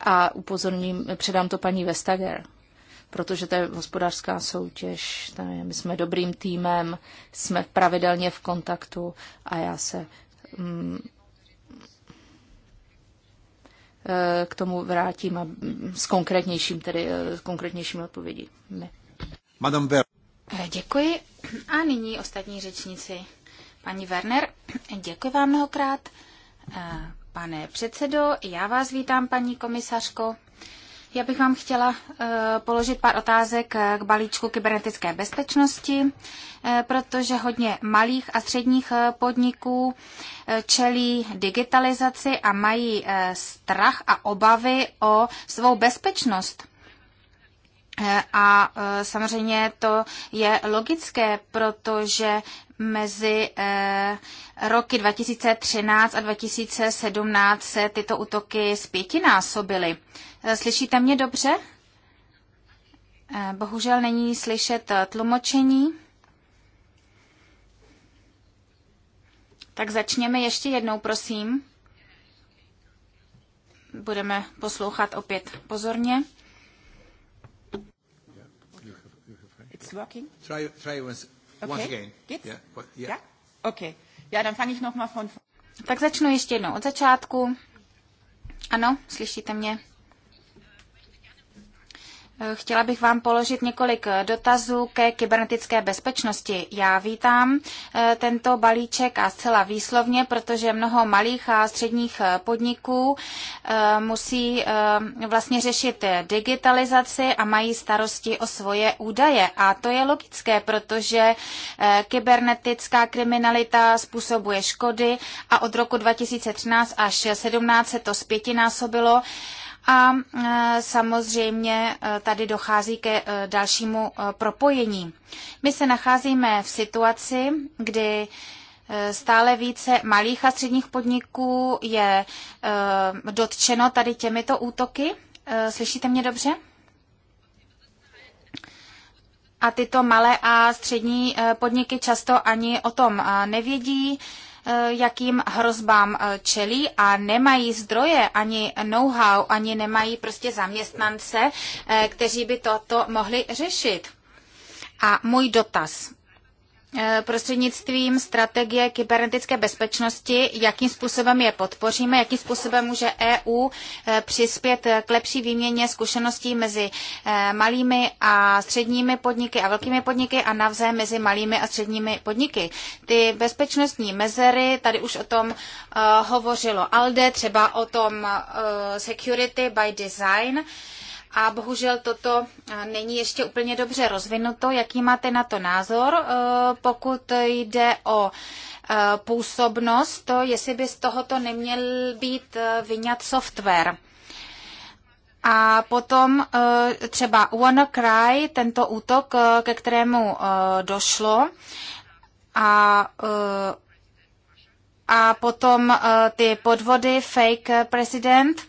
a upozorním, předám to paní Vestager, protože to je hospodářská soutěž, je, my jsme dobrým týmem, jsme pravidelně v kontaktu a já se mm, eh, k tomu vrátím a mm, s konkrétnějším, tedy eh, s konkrétnějším odpovědí. Madame Ver. Eh, děkuji. A nyní ostatní řečníci. Paní Werner, děkuji vám mnohokrát. Eh, Pane předsedo, já vás vítám, paní komisařko. Já bych vám chtěla eh, položit pár otázek eh, k balíčku kybernetické bezpečnosti, protože hodně malých a středních podniků čelí digitalizaci a mají strach a obavy o svou bezpečnost. Eh, a eh, samozřejmě to je logické, protože mezi eh, roky 2013 a 2017 se tyto útoky zpětinásobily. Slyšíte mě dobře? Bohužel není slyšet tlumočení. Tak začněme ještě jednou, prosím. Budeme poslouchat opět pozorně. working? Try, try once, okay. once again. Geht's? Yeah. Yeah. Ja? Okay. Ja, dann fange ich noch mal von... Tak začnu ještě jednou od začátku. Ano, slyšíte mě? Chtěla bych vám položit několik eh, dotazů ke kybernetické bezpečnosti. Já vítám eh, tento balíček a zcela výslovně, protože mnoho malých a středních eh, podniků musí vlastně řešit digitalizaci a mají starosti o svoje údaje. A to je logické, protože kybernetická kriminalita způsobuje škody a od roku 2013 až 2017 se to zpětinásobilo a e, samozřejmě e, tady dochází ke e, dalšímu propojení. My se nacházíme v situaci, kdy stále více malých a středních podniků je dotčeno tady těmito útoky. Slyšíte mě dobře? A tyto malé a střední podniky často ani o tom nevědí. Eh, jakým hrozbám eh, čelí a nemají zdroje, ani know-how, ani nemají prostě zaměstnance, eh, kteří by toto mohli řešit. A můj dotaz. Eh, prostřednictvím strategie kybernetické bezpečnosti, jakým způsobem je podpoříme, jakým způsobem může EU eh, přispět k lepší výměně zkušeností mezi eh, malými a středními podniky a velkými podniky a navzájem mezi malými a středními podniky. Ty bezpečnostní mezery, tady už o tom hovořilo ALDE, třeba o tom Security by Design, a bohužel toto eh, není ještě úplně dobře rozvinuto. Jaký máte na to názor, eh, pokud jde o eh, působnost, to jestli by z tohoto neměl být vyňat software? A potom třeba WannaCry, tento útok, ke kterému došlo, a, a potom ty podvody fake president.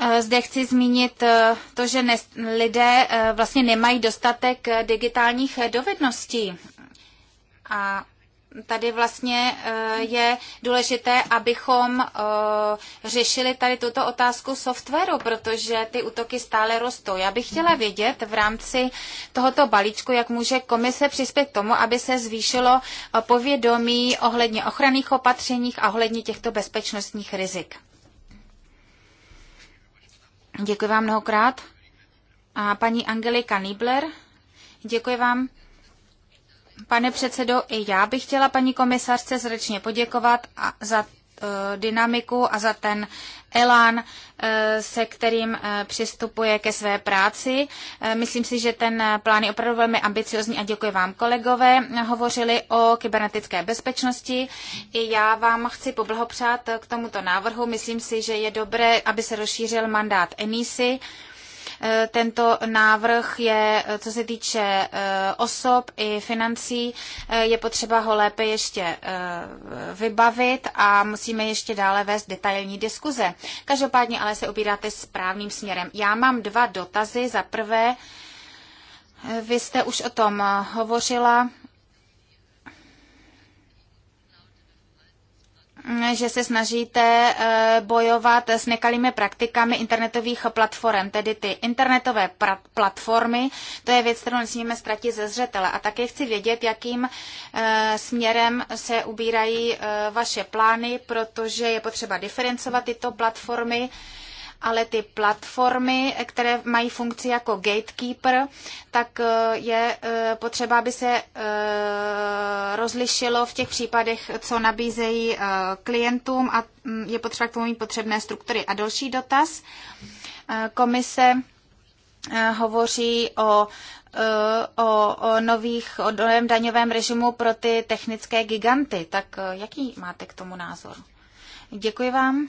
Eh, zde chci zmínit eh, to, že lidé eh, vlastně nemají dostatek digitálních dovedností. A tady vlastně je důležité, abychom řešili tady tuto otázku softwaru, protože ty útoky stále rostou. Já bych chtěla vědět v rámci tohoto balíčku, jak může komise přispět k tomu, aby se zvýšilo povědomí ohledně ochranných opatřeních a ohledně těchto bezpečnostních rizik. Děkuji vám mnohokrát. A paní Angelika Niebler, děkuji vám. Pane předsedo, i já bych chtěla paní komisařce zrečně poděkovat a za eh, dynamiku a za ten elán, eh, se kterým eh, přistupuje ke své práci. Eh, myslím si, že ten plán je opravdu velmi ambiciozní a děkuji vám, kolegové. Hovořili o kybernetické bezpečnosti. I já vám chci poblhopřát k tomuto návrhu. Myslím si, že je dobré, aby se rozšířil mandát emisy. Eh, tento návrh je, eh, co se týče eh, osob i financí, je potřeba ho lépe ještě vybavit a musíme ještě dále vést detailní diskuze. Každopádně ale se ubíráte správným směrem. Já mám dva dotazy. Za prvé, vy jste už o tom hovořila, že se snažíte eh, bojovat s nekalými praktikami internetových platform, tedy ty internetové platformy. To je věc, kterou nesmíme ztratit ze zřetele. A také chci vědět, jakým eh, směrem se ubírají eh, vaše plány, protože je potřeba diferencovat tyto platformy ale ty platformy, které mají funkci jako gatekeeper, tak eh, je eh, potřeba, aby se eh, rozlišilo v těch případech, co nabízejí klientům a mm, je potřeba k tomu mít potřebné struktury. A další dotaz. Komise hovoří o o, o nových, o novém daňovém režimu pro ty technické giganty. Tak jaký máte k tomu názor? Děkuji vám.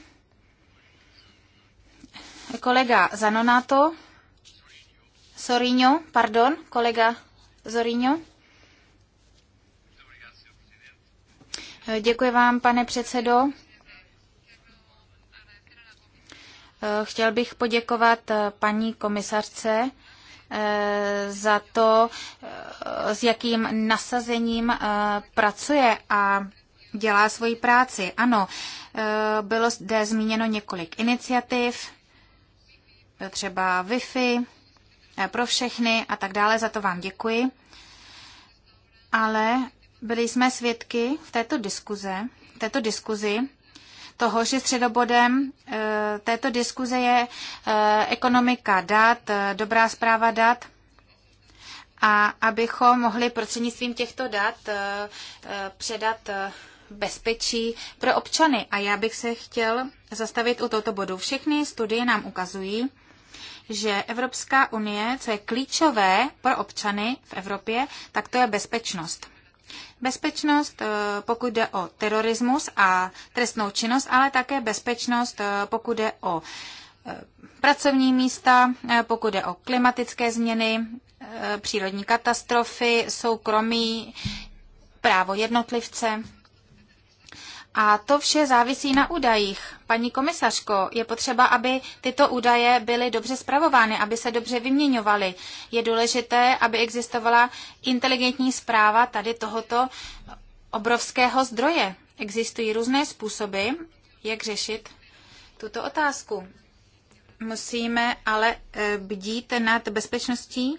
Kolega Zanonato, Sorino, pardon, kolega Zorino. Děkuji vám, pane předsedo. Chtěl bych poděkovat paní komisařce eh, za to, eh, s jakým nasazením eh, pracuje a dělá svoji práci. Ano, bylo zde zmíněno několik iniciativ, třeba Wi-Fi eh, pro všechny a tak dále. Za to vám děkuji. Ale byli jsme svědky v této diskuze, v této diskuzi, toho, že středobodem eh, této diskuze je eh, ekonomika dat, dobrá zpráva dat a abychom mohli prostřednictvím těchto dat předat bezpečí pro občany. A já bych se chtěl zastavit u tohoto bodu. Všechny studie nám ukazují, že Evropská unie, co je klíčové pro občany v Evropě, tak to je bezpečnost. Bezpečnost, eh, pokud jde o terorismus a trestnou činnost, ale také bezpečnost, eh, pokud jde o eh, pracovní místa, pokud jde o klimatické změny, přírodní katastrofy, soukromí, právo jednotlivce. A to vše závisí na údajích. Paní komisařko, je potřeba, aby tyto údaje byly dobře zpravovány, aby se dobře vyměňovaly. Je důležité, aby existovala inteligentní zpráva tady tohoto obrovského zdroje. Existují různé způsoby, jak řešit tuto otázku. Musíme ale eh, bdít nad bezpečností,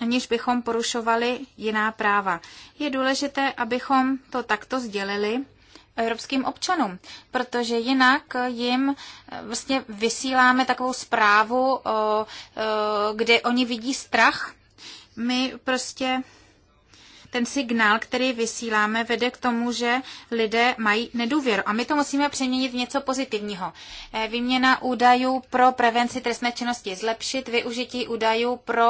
aniž bychom porušovali jiná práva. Je důležité, abychom to takto sdělili evropským občanům, protože jinak jim eh, vlastně vysíláme takovou zprávu, eh, kde oni vidí strach. My prostě ten signál, který vysíláme, vede k tomu, že lidé mají nedůvěru. A my to musíme přeměnit v něco pozitivního. Eh, výměna údajů pro prevenci trestné činnosti zlepšit, využití údajů pro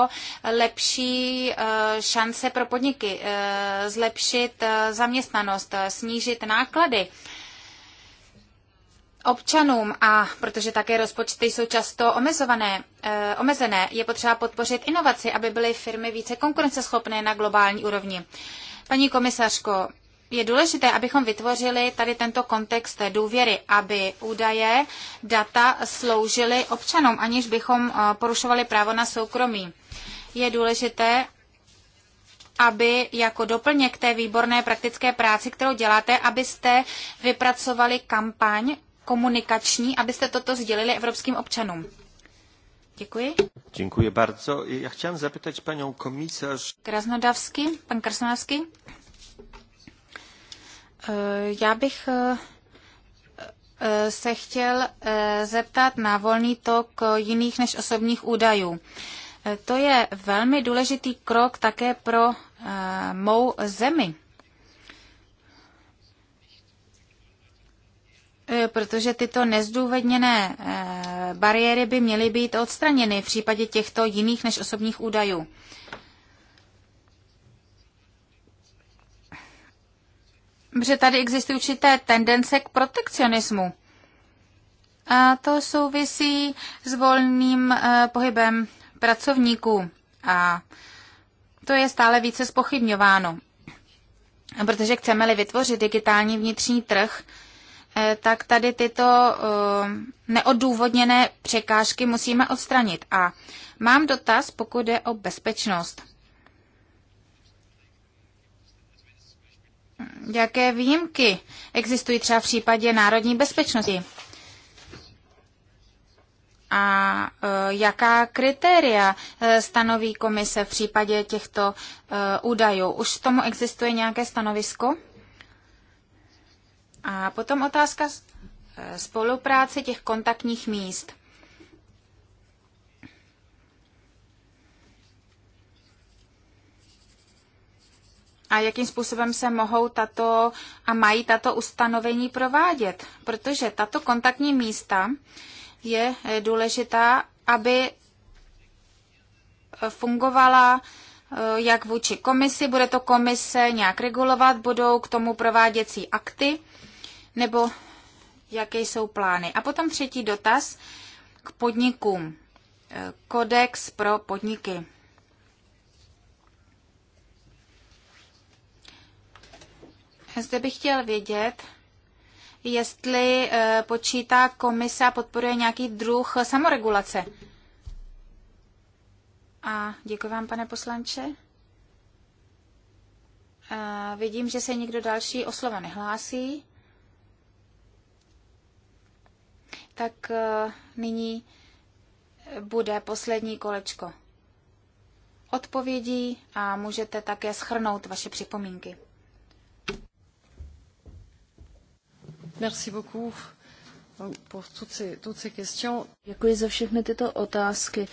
lepší eh, šance pro podniky, eh, zlepšit zaměstnanost, snížit náklady občanům a protože také rozpočty jsou často omezované, e, omezené, je potřeba podpořit inovaci, aby byly firmy více konkurenceschopné na globální úrovni. Paní komisařko, je důležité, abychom vytvořili tady tento kontext důvěry, aby údaje, data sloužily občanům, aniž bychom eh, porušovali právo na soukromí. Je důležité, aby jako doplněk té výborné praktické práci, kterou děláte, abyste vypracovali kampaň komunikační, abyste toto sdělili evropským občanům. Děkuji. Děkuji bardzo. Já chtěl zeptat paní komisař. Krasnodavsky, pan Krasnodavsky. Eh, já bych eh, eh, se chtěl zeptat na volný tok jiných než osobních údajů. To je velmi důležitý krok také pro mou zemi. E, protože tyto nezdůvodněné e, bariéry by měly být odstraněny v případě těchto jiných než osobních údajů. Protože tady existují určité tendence k protekcionismu. A to souvisí s volným e, pohybem pracovníků. A to je stále více spochybňováno. Protože chceme-li vytvořit digitální vnitřní trh, Eh, tak tady tyto eh, neodůvodněné překážky musíme odstranit. A mám dotaz, pokud jde o bezpečnost. Jaké výjimky existují třeba v případě národní bezpečnosti? A eh, jaká kritéria stanoví komise v případě těchto údajů? Už tomu existuje nějaké stanovisko? A potom otázka spolupráce těch kontaktních míst. a jakým způsobem se mohou tato a mají tato ustanovení provádět. Protože tato kontaktní místa je eh, důležitá, aby eh, fungovala eh, jak vůči komisi, bude to komise nějak regulovat, budou k tomu prováděcí akty nebo jaké jsou plány. A potom třetí dotaz k podnikům. E, kodex pro podniky. Zde bych chtěl vědět, jestli e, počítá komisa podporuje nějaký druh samoregulace. A děkuji vám, pane poslanče. A e, vidím, že se nikdo další o slovo nehlásí. tak e, nyní bude poslední kolečko odpovědí a můžete také schrnout vaše připomínky. Merci beaucoup. Euh, Děkuji za všechny tyto otázky.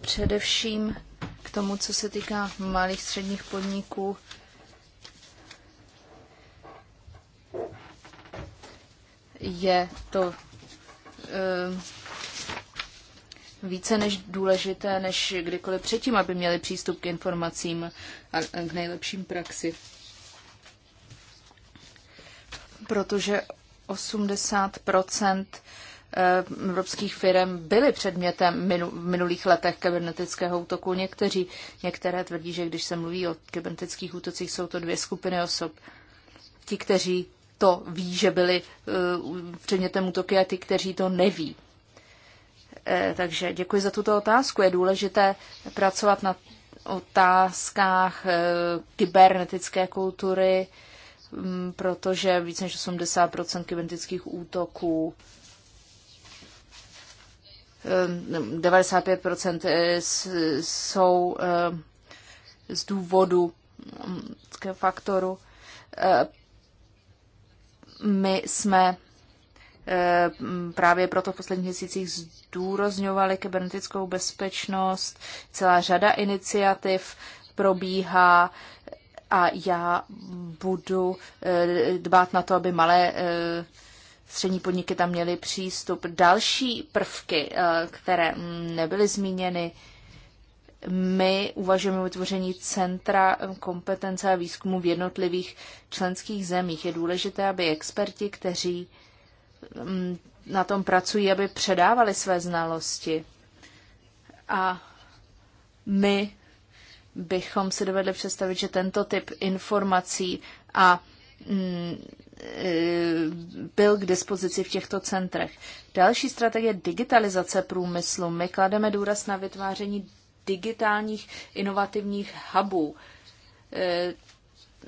Především k tomu, co se týká malých středních podniků. Je to Eh, více než důležité, než kdykoliv předtím, aby měli přístup k informacím a k nejlepším praxi. Protože 80 eh, evropských firm byly předmětem v minulých letech kybernetického útoku. Někteří, některé tvrdí, že když se mluví o kybernetických útocích, jsou to dvě skupiny osob. Ti, kteří to ví, že byly eh, předmětem útoky a ty, kteří to neví. Eh, takže děkuji za tuto otázku. Je důležité pracovat na otázkách eh, kybernetické kultury, mm, protože více než 80 kybernetických útoků 95% jsou z důvodu mm, faktoru. My jsme eh, právě proto v posledních měsících zdůrozňovali kybernetickou bezpečnost. Celá řada iniciativ probíhá a já budu eh, dbát na to, aby malé eh, střední podniky tam měly přístup. Další prvky, které mm, nebyly zmíněny, my uvažujeme o vytvoření centra kompetence a výzkumu v jednotlivých členských zemích. Je důležité, aby experti, kteří mm, na tom pracují, aby předávali své znalosti. A my bychom si dovedli představit, že tento typ informací a mm, e, byl k dispozici v těchto centrech. Další strategie digitalizace průmyslu. My klademe důraz na vytváření digitálních inovativních hubů. E,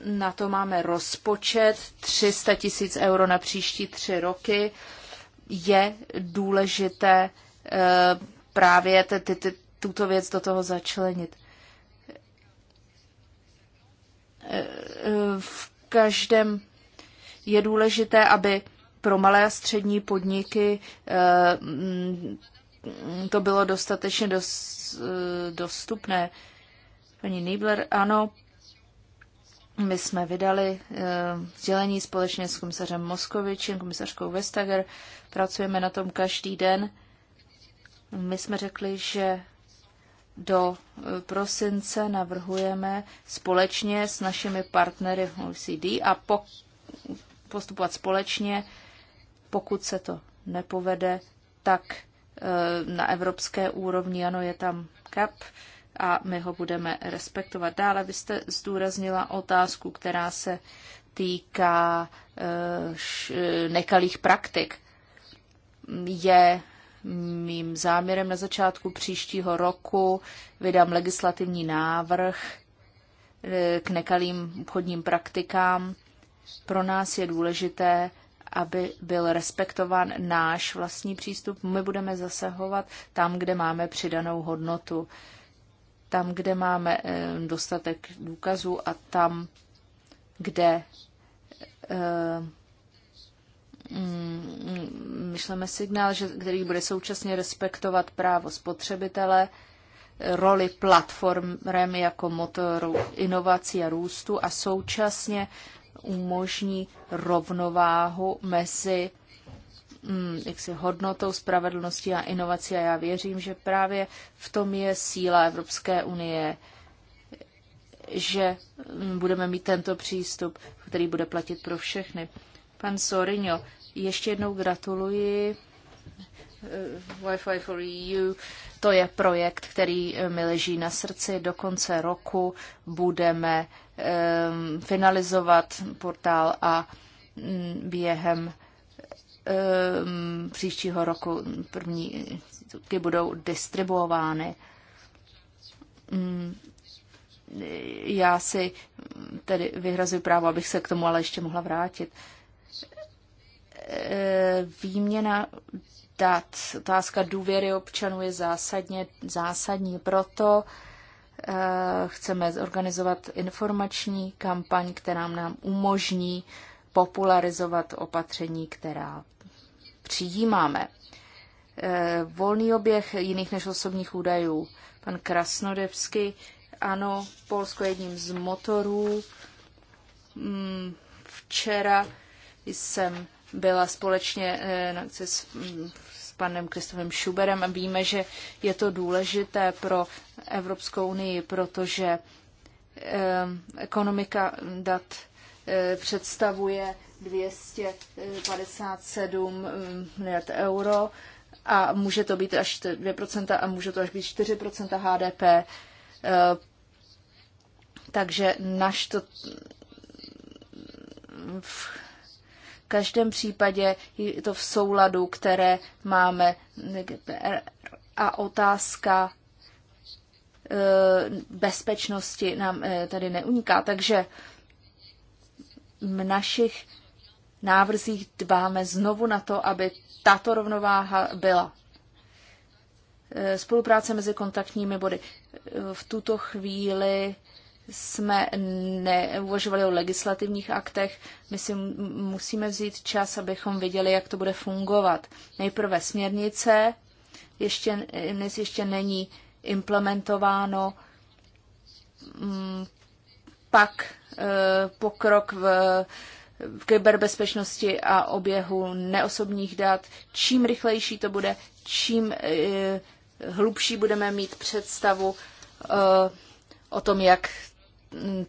na to máme rozpočet 300 tisíc euro na příští tři roky. Je důležité e, právě t- t- t- tuto věc do toho začlenit. E, v každém je důležité, aby pro malé a střední podniky to bylo dostatečně dos, eh, dostupné. Paní Niebler, ano, my jsme vydali uh, sdělení společně s komisařem Moskovičem, komisařkou Vestager. Pracujeme na tom každý den. My jsme řekli, že do eh, prosince navrhujeme společně s našimi partnery v OECD a po, postupovat společně. Pokud se to nepovede, tak Eh, na evropské úrovni. Ano, je tam CAP a my ho budeme respektovat. Dále vy jste zdůraznila otázku, která se týká eh, eh, nekalých praktik. Je mým záměrem na začátku příštího roku vydám legislativní návrh k nekalým obchodním praktikám. Pro nás je důležité aby byl respektován náš vlastní přístup. My budeme zasahovat tam, kde máme přidanou hodnotu, tam, kde máme eh, dostatek důkazů a tam, kde eh, mm, myšleme signál, že, který bude současně respektovat právo spotřebitele, roli platformem jako motoru inovací a růstu a současně umožní rovnováhu mezi mm, jaksi hodnotou spravedlnosti a inovací a já věřím, že právě v tom je síla Evropské unie, že mm, budeme mít tento přístup, který bude platit pro všechny. Pan Sorinho, ještě jednou gratuluji. Eh, Wi-Fi for EU, to je projekt, který eh, mi leží na srdci. Do konce roku budeme eh, finalizovat portál a mm, během příštího roku první budou distribuovány mm, já si tedy vyhrazuji právo, abych se k tomu ale ještě mohla vrátit. Výměna dat. Otázka důvěry občanů je zásadně, zásadní. Proto e, chceme zorganizovat informační kampaň, která nám umožní popularizovat opatření, která přijímáme. E, volný oběh jiných než osobních údajů. Pan Krasnodevsky, ano, Polsko je jedním z motorů. Mm, včera jsem byla společně eh, na s, mm, s panem Kristofem Schuberem a víme, že je to důležité pro Evropskou unii, protože eh, ekonomika dat eh, představuje 257 mm, miliard euro a může to být až 2% a může to až být 4% HDP. Takže naš to v každém případě je to v souladu, které máme. A otázka eh, bezpečnosti nám eh, tady neuniká. Takže v našich návrzích dbáme znovu na to, aby tato rovnováha byla. Eh, spolupráce mezi kontaktními body. V tuto chvíli jsme neuvažovali o legislativních aktech, my si musíme vzít čas, abychom viděli, jak to bude fungovat. Nejprve směrnice, ještě, dnes ještě není implementováno, mm, pak e, pokrok v v kyberbezpečnosti a oběhu neosobních dat. Čím rychlejší to bude, čím e, hlubší budeme mít představu e, o tom, jak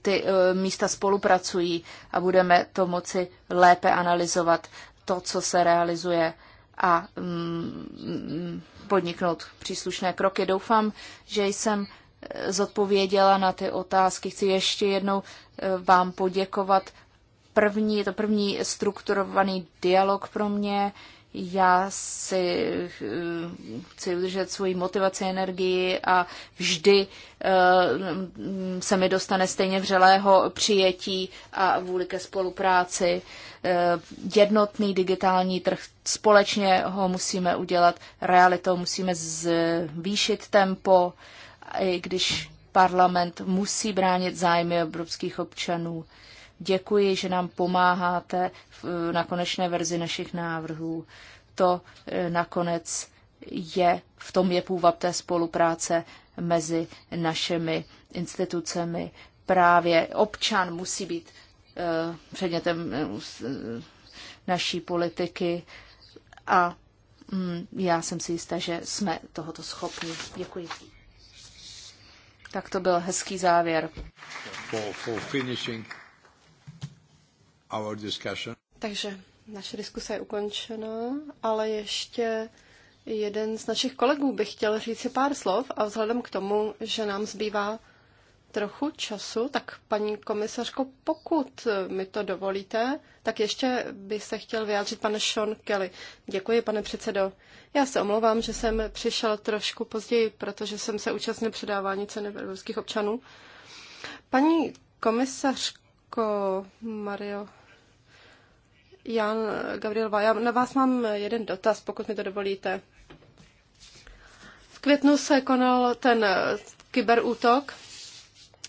ty eh, místa spolupracují a budeme to moci lépe analyzovat to, co se realizuje a mm, podniknout příslušné kroky. Doufám, že jsem eh, zodpověděla na ty otázky. Chci ještě jednou eh, vám poděkovat. První, je to první strukturovaný dialog pro mě já si eh, chci udržet svoji motivaci, energii a vždy eh, se mi dostane stejně vřelého přijetí a vůli ke spolupráci. Eh, jednotný digitální trh, společně ho musíme udělat realitou, musíme zvýšit tempo, i když parlament musí bránit zájmy evropských občanů. Děkuji, že nám pomáháte na konečné verzi našich návrhů. To e, nakonec je, v tom je půvab té spolupráce mezi našimi institucemi. Právě občan musí být e, předmětem e, naší politiky a mm, já jsem si jistá, že jsme tohoto schopni. Děkuji. Tak to byl hezký závěr. For, for our discussion. Takže naše diskuse je ukončena, ale ještě jeden z našich kolegů bych chtěl říct si pár slov a vzhledem k tomu, že nám zbývá trochu času, tak paní komisařko, pokud mi to dovolíte, tak ještě by se chtěl vyjádřit pan Sean Kelly. Děkuji, pane předsedo. Já se omlouvám, že jsem přišel trošku později, protože jsem se účastnil předávání ceny evropských občanů. Paní komisařko Mario Jan Gavrilová, já na vás mám jeden dotaz, pokud mi to dovolíte. V květnu se konal ten kyberútok,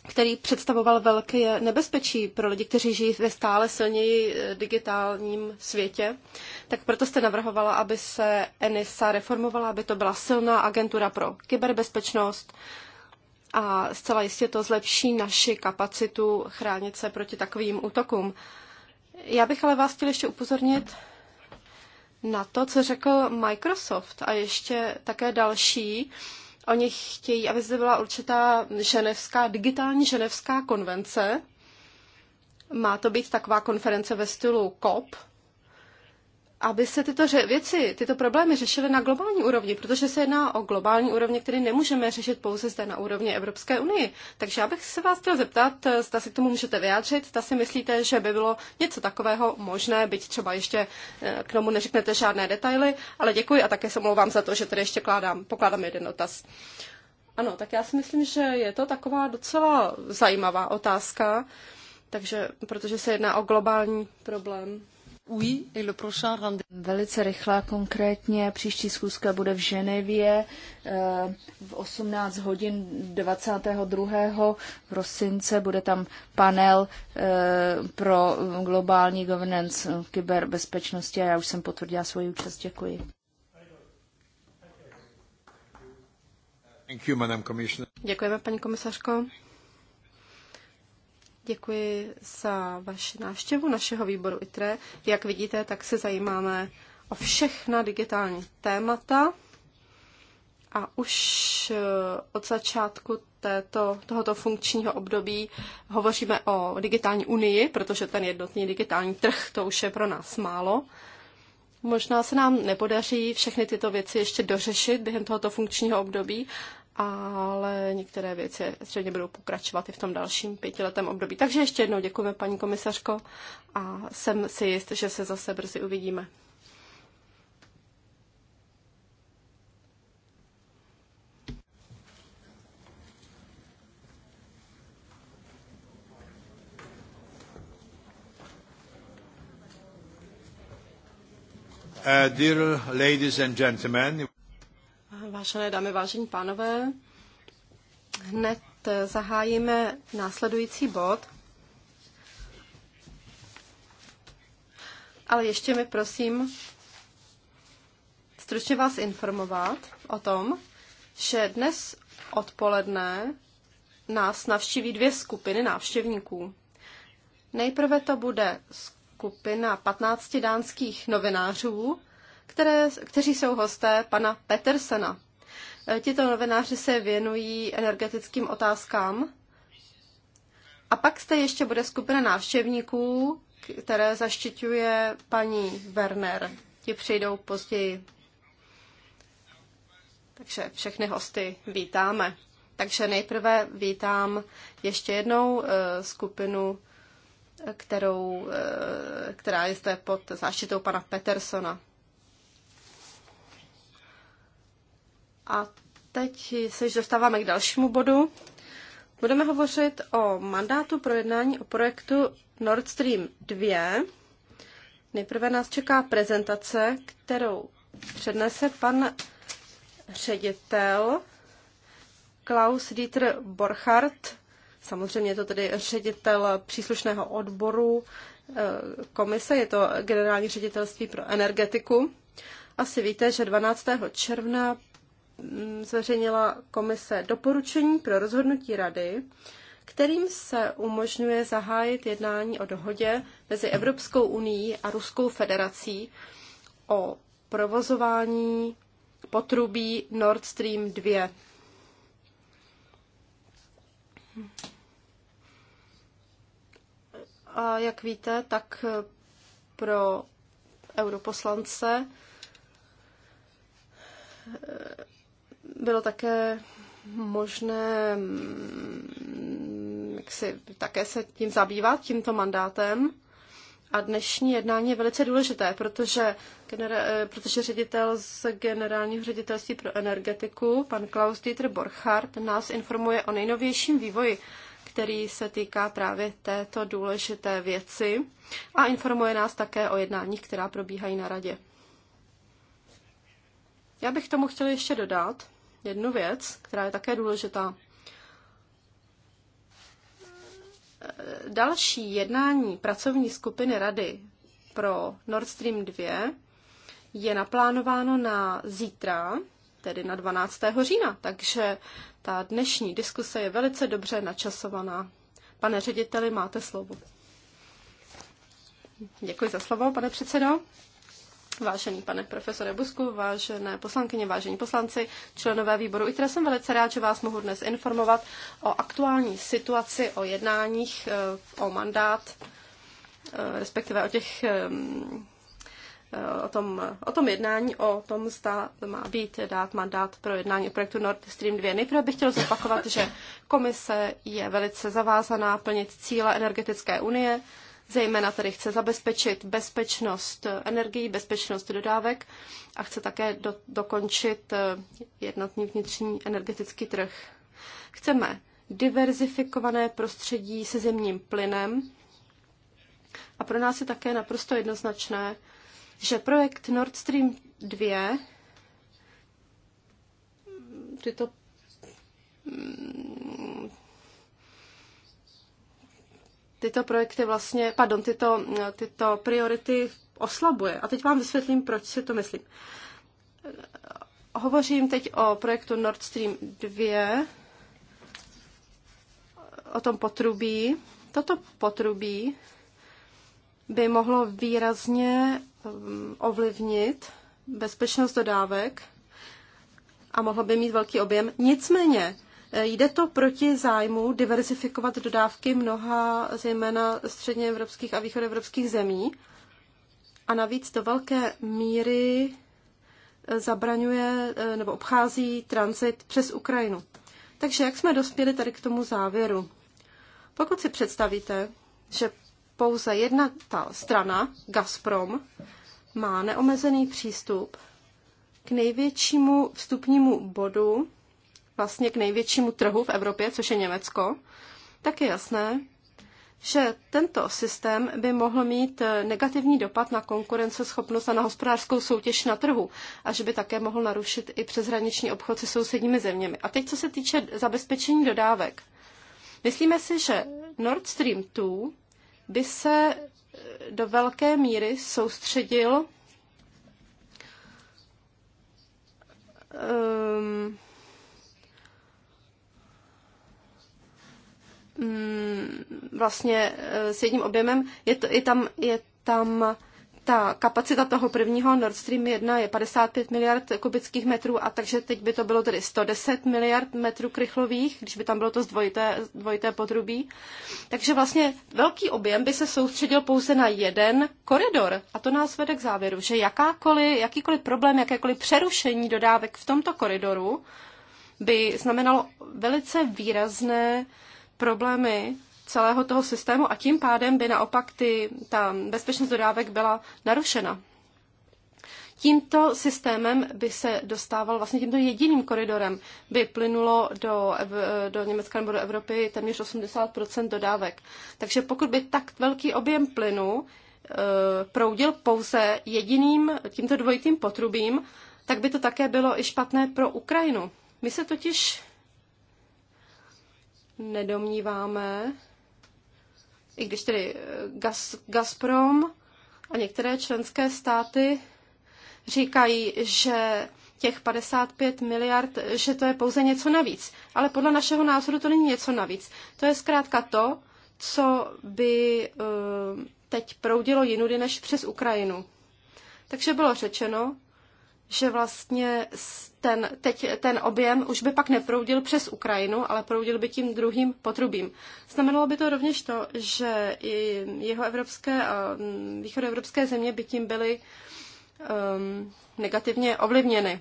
který představoval velké nebezpečí pro lidi, kteří žijí ve stále silněji eh, digitálním světě. Tak proto jste navrhovala, aby se ENISA reformovala, aby to byla silná agentura pro kyberbezpečnost a zcela jistě to zlepší naši kapacitu chránit se proti takovým útokům. Já bych ale vás chtěl ještě upozornit na to, co řekl Microsoft a ještě také další. Oni chtějí, aby zde byla určitá ženevská, digitální ženevská konvence. Má to být taková konference ve stylu COP, aby se tyto věci, tyto problémy řešily na globální úrovni, protože se jedná o globální úrovni, který nemůžeme řešit pouze zde na úrovni Evropské unie. Takže já bych se vás chtěl zeptat, zda si k tomu můžete vyjádřit, zda si myslíte, že by bylo něco takového možné, byť třeba ještě eh, k tomu neřeknete žádné detaily, ale děkuji a také se omlouvám za to, že tady ještě kládám, pokládám jeden dotaz. Ano, tak já si myslím, že je to taková docela zajímavá otázka, takže, protože se jedná o globální problém. Velice rychlá konkrétně. Příští schůzka bude v Ženevě eh, v 18 hodin 22. prosince. Bude tam panel eh, pro globální governance eh, kyberbezpečnosti a já už jsem potvrdila svoji účast. Děkuji. Děkujeme, paní komisařko. Děkuji za vaši návštěvu našeho výboru ITRE. Jak vidíte, tak se zajímáme o všechna digitální témata. A už eh, od začátku této, tohoto funkčního období hovoříme o digitální unii, protože ten jednotný digitální trh to už je pro nás málo. Možná se nám nepodaří všechny tyto věci ještě dořešit během tohoto funkčního období, ale některé věci středně budou pokračovat i v tom dalším pětiletém období. Takže ještě jednou děkujeme, paní komisařko, a jsem si jist, že se zase brzy uvidíme. Uh, dear ladies and gentlemen, Vážené dámy, vážení pánové, hned zahájíme následující bod. Ale ještě mi prosím stručně vás informovat o tom, že dnes odpoledne nás navštíví dvě skupiny návštěvníků. Nejprve to bude skupina 15 dánských novinářů, které, kteří jsou hosté pana Petersena. Eh, tito novináři se věnují energetickým otázkám. A pak zde ještě bude skupina návštěvníků, které zaštiťuje paní Werner. Ti přijdou později. Takže všechny hosty vítáme. Takže nejprve vítám ještě jednou eh, skupinu, eh, kterou, která je zde pod záštitou pana Petersona. A teď se dostáváme k dalšímu bodu. Budeme hovořit o mandátu pro jednání o projektu Nord Stream 2. Nejprve nás čeká prezentace, kterou přednese pan ředitel Klaus Dieter Borchardt. Samozřejmě je to tedy ředitel příslušného odboru eh, komise, je to generální ředitelství pro energetiku. Asi víte, že 12. června Mm, zveřejnila komise doporučení pro rozhodnutí rady, kterým se umožňuje zahájit jednání o dohodě mezi Evropskou unii a Ruskou federací o provozování potrubí Nord Stream 2. A jak víte, tak pro europoslance bylo také možné mm, jak si, také se tím zabývat, tímto mandátem. A dnešní jednání je velice důležité, protože, genera- eh, protože ředitel z generálního ředitelství pro energetiku, pan Klaus Dieter Borchardt, nás informuje o nejnovějším vývoji, který se týká právě této důležité věci a informuje nás také o jednáních, která probíhají na radě. Já bych tomu chtěla ještě dodat, jednu věc, která je také důležitá. Další jednání pracovní skupiny Rady pro Nord Stream 2 je naplánováno na zítra, tedy na 12. října, takže ta dnešní diskuse je velice dobře načasovaná. Pane řediteli, máte slovo. Děkuji za slovo, pane předsedo. Vážený pane profesore Busku, vážené poslankyně, vážení poslanci, členové výboru ITRA, jsem velice rád, že vás mohu dnes informovat o aktuální situaci, o jednáních, eh, o mandát, eh, respektive o těch ehm, eh, o tom, o tom jednání, o tom, zda má být dát mandát pro jednání o projektu Nord Stream 2. Nejprve bych chtěl zopakovat, že komise je velice zavázaná plnit cíle energetické unie, Zejména tedy chce zabezpečit bezpečnost energií, bezpečnost dodávek a chce také do, dokončit eh, jednotný vnitřní energetický trh. Chceme diverzifikované prostředí se zemním plynem a pro nás je také naprosto jednoznačné, že projekt Nord Stream 2 mm, tyto mm, tyto projekty vlastně, pardon, tyto, tyto priority oslabuje. A teď vám vysvětlím, proč si to myslím. Hovořím teď o projektu Nord Stream 2, o tom potrubí. Toto potrubí by mohlo výrazně um, ovlivnit bezpečnost dodávek a mohlo by mít velký objem. Nicméně Jde to proti zájmu diversifikovat dodávky mnoha, zejména evropských a východoevropských zemí. A navíc do velké míry eh, zabraňuje eh, nebo obchází transit přes Ukrajinu. Takže jak jsme dospěli tady k tomu závěru? Pokud si představíte, že pouze jedna ta strana, Gazprom, má neomezený přístup k největšímu vstupnímu bodu vlastně k největšímu trhu v Evropě, což je Německo, tak je jasné, že tento systém by mohl mít eh, negativní dopad na konkurenceschopnost a na hospodářskou soutěž na trhu a že by také mohl narušit i přeshraniční obchod se sousedními zeměmi. A teď, co se týče zabezpečení dodávek. Myslíme si, že Nord Stream 2 by se eh, do velké míry soustředil um, Mm, vlastně eh, s jedním objemem, je, to, je tam, je tam ta kapacita toho prvního Nord Stream 1 je 55 miliard kubických metrů a takže teď by to bylo tedy 110 miliard metrů krychlových, když by tam bylo to zdvojité, dvojité potrubí. Takže vlastně velký objem by se soustředil pouze na jeden koridor a to nás vede k závěru, že jakákoliv, jakýkoliv problém, jakékoliv přerušení dodávek v tomto koridoru by znamenalo velice výrazné problémy celého toho systému a tím pádem by naopak ty, ta bezpečnost dodávek byla narušena. Tímto systémem by se dostával, vlastně tímto jediným koridorem by plynulo do, do Německa nebo do Evropy téměř 80 dodávek. Takže pokud by tak velký objem plynu e, proudil pouze jediným tímto dvojitým potrubím, tak by to také bylo i špatné pro Ukrajinu. My se totiž nedomníváme, i když tedy eh, Gaz, Gazprom a některé členské státy říkají, že těch 55 miliard, že to je pouze něco navíc. Ale podle našeho názoru to není něco navíc. To je zkrátka to, co by eh, teď proudilo jinudy než přes Ukrajinu. Takže bylo řečeno, že vlastně ten, teď ten objem už by pak neproudil přes Ukrajinu, ale proudil by tím druhým potrubím. Znamenalo by to rovněž to, že i jeho evropské a mm, východoevropské země by tím byly um, negativně ovlivněny.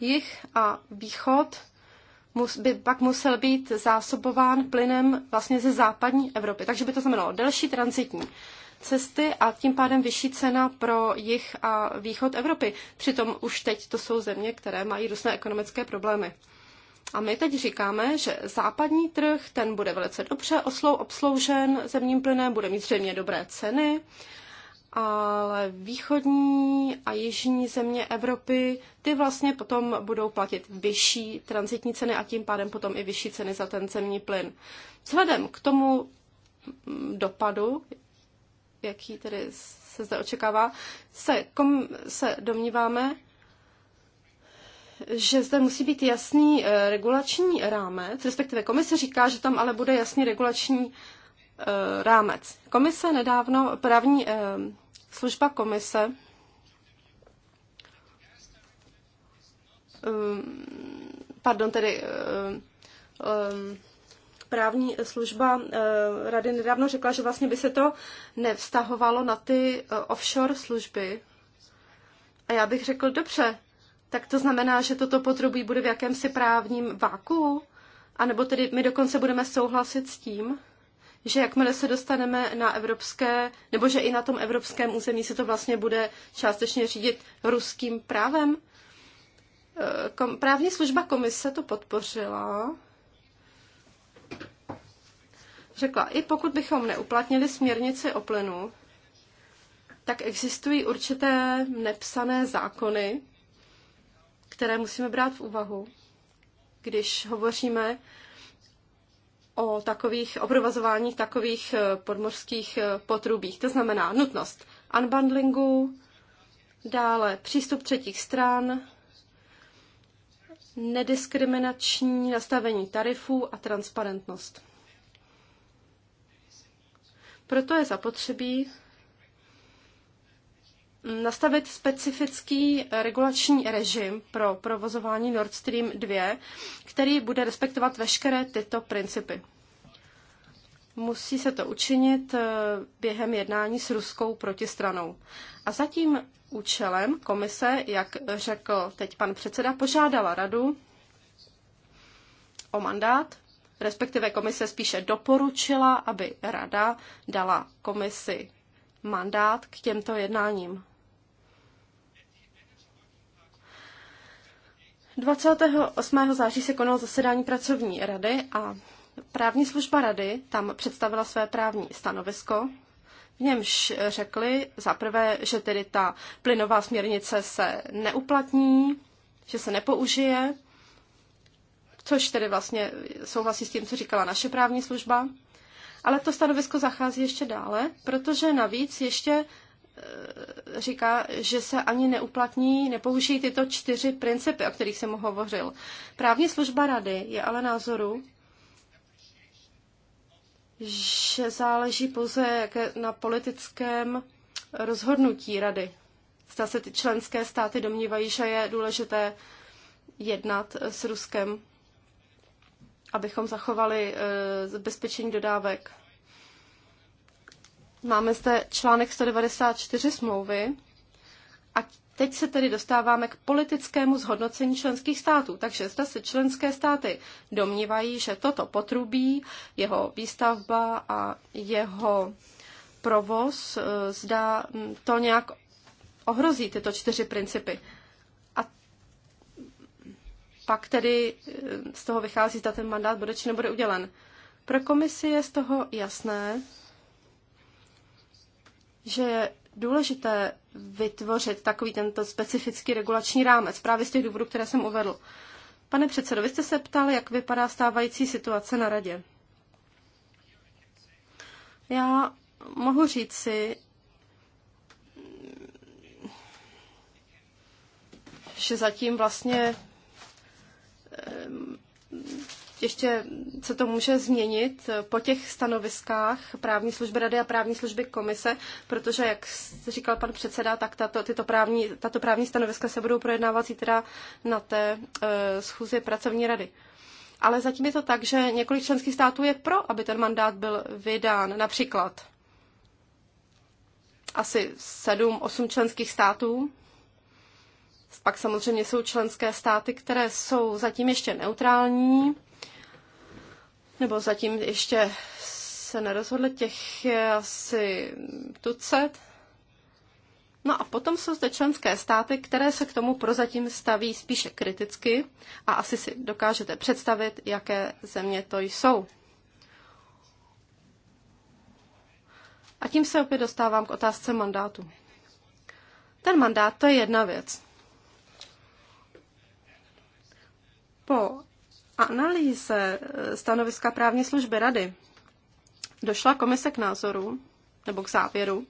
Jich a východ by pak musel být zásobován plynem vlastně ze západní Evropy. Takže by to znamenalo delší transitní cesty a tím pádem vyšší cena pro jich a východ Evropy. Přitom už teď to jsou země, které mají různé ekonomické problémy. A my teď říkáme, že západní trh, ten bude velice dobře oslou obsloužen zemním plynem, bude mít zřejmě dobré ceny, ale východní a jižní země Evropy, ty vlastně potom budou platit vyšší transitní ceny a tím pádem potom i vyšší ceny za ten zemní plyn. Vzhledem k tomu dopadu, jaký tedy se zde očekává, se, kom, se domníváme, že zde musí být jasný eh, regulační rámec, respektive komise říká, že tam ale bude jasný regulační eh, rámec. Komise nedávno, právní eh, služba komise pardon, tedy um, právní služba eh, rady nedávno řekla, že vlastně by se to nevztahovalo na ty eh, offshore služby. A já bych řekl, dobře, tak to znamená, že toto potrubí bude v jakémsi právním váku? A nebo tedy my dokonce budeme souhlasit s tím, že jakmile se dostaneme na evropské, nebo že i na tom evropském území se to vlastně bude částečně řídit ruským právem? Eh, právní služba komise to podpořila řekla, i pokud bychom neuplatnili směrnici o plynu, tak existují určité nepsané zákony, které musíme brát v úvahu, když hovoříme o takových o provazování takových eh, podmořských eh, potrubích. To znamená nutnost unbundlingu, dále přístup třetích stran, nediskriminační nastavení tarifů a transparentnost. Proto je zapotřebí nastavit specifický regulační režim pro provozování Nord Stream 2, který bude respektovat veškeré tyto principy. Musí se to učinit eh, během jednání s ruskou protistranou. A za tím účelem komise, jak řekl teď pan předseda, požádala radu o mandát respektive komise spíše doporučila, aby rada dala komisi mandát k těmto jednáním. 28. září se konalo zasedání pracovní rady a právní služba rady tam představila své právní stanovisko, v němž řekli zaprvé, že tedy ta plynová směrnice se neuplatní, že se nepoužije což tedy vlastně souhlasí s tím, co říkala naše právní služba. Ale to stanovisko zachází ještě dále, protože navíc ještě eh, říká, že se ani neuplatní, nepoužijí tyto čtyři principy, o kterých jsem hovořil. Právní služba rady je ale názoru, že záleží pouze na politickém rozhodnutí rady. Zda se ty členské státy domnívají, že je důležité jednat s Ruskem abychom zachovali eh, zabezpečení dodávek. Máme zde článek 194 smlouvy a teď se tedy dostáváme k politickému zhodnocení členských států. Takže zda se členské státy domnívají, že toto potrubí, jeho výstavba a jeho provoz, eh, zda to nějak ohrozí tyto čtyři principy pak tedy eh, z toho vychází, zda ten mandát bude či nebude udělen. Pro komisi je z toho jasné, že je důležité vytvořit takový tento specifický regulační rámec právě z těch důvodů, které jsem uvedl. Pane předsedo, vy jste se ptal, jak vypadá stávající situace na radě. Já mohu říct si, že zatím vlastně ještě se to může změnit eh, po těch stanoviskách právní služby rady a právní služby komise, protože, jak říkal pan předseda, tak tato, tyto právní, tato právní stanoviska se budou projednávat zítra na té uh, schůzi pracovní rady. Ale zatím je to tak, že několik členských států je pro, aby ten mandát byl vydán. Například asi sedm, osm členských států. Pak samozřejmě jsou členské státy, které jsou zatím ještě neutrální nebo zatím ještě se nerozhodli, těch je asi tucet. No a potom jsou zde členské státy, které se k tomu prozatím staví spíše kriticky a asi si dokážete představit, jaké země to jsou. A tím se opět dostávám k otázce mandátu. Ten mandát to je jedna věc. Po analýze eh, stanoviska právní služby rady došla komise k názoru, nebo k závěru,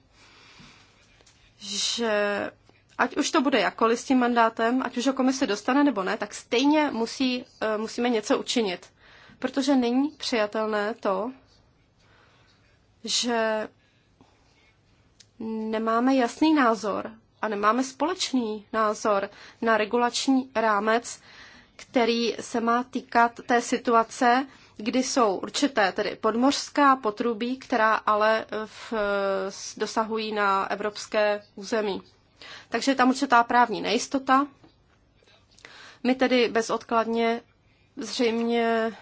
že ať už to bude jakkoliv s tím mandátem, ať už ho komise dostane nebo ne, tak stejně musí, eh, musíme něco učinit. Protože není přijatelné to, že nemáme jasný názor a nemáme společný názor na regulační rámec, který se má týkat té situace, kdy jsou určité tedy podmořská potrubí, která ale e, v, dosahují na evropské území. Takže je tam určitá právní nejistota. My tedy bezodkladně zřejmě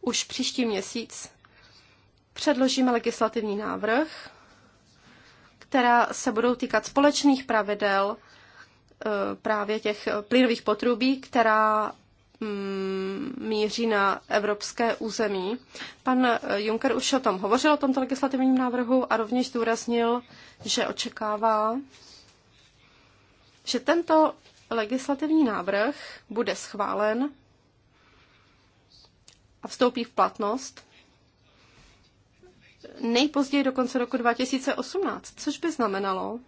už příští měsíc předložíme legislativní návrh, která se budou týkat společných pravidel Eh, právě těch plynových potrubí, která mm, míří na evropské území. Pan eh, Juncker už o tom hovořil, o tomto legislativním návrhu a rovněž zdůraznil, že očekává, že tento legislativní návrh bude schválen a vstoupí v platnost nejpozději do konce roku 2018, což by znamenalo,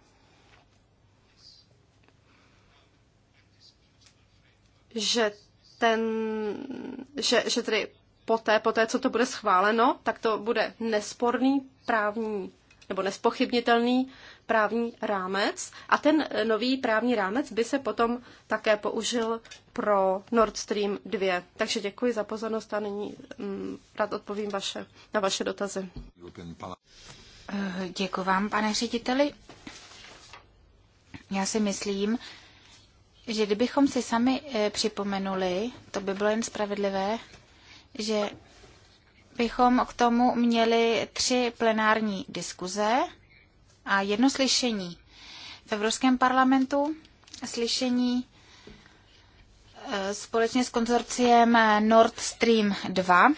že ten, že, že tedy poté, poté, co to bude schváleno, tak to bude nesporný právní nebo nespochybnitelný právní rámec a ten nový právní rámec by se potom také použil pro Nord Stream 2. Takže děkuji za pozornost a nyní mm, rád odpovím vaše, na vaše dotazy. Děkuji vám, pane řediteli. Já si myslím, že kdybychom si sami e, připomenuli, to by bylo jen spravedlivé, že bychom k tomu měli tři plenární diskuze a jedno slyšení v Evropském parlamentu, slyšení e, společně s konzorciem Nord Stream 2.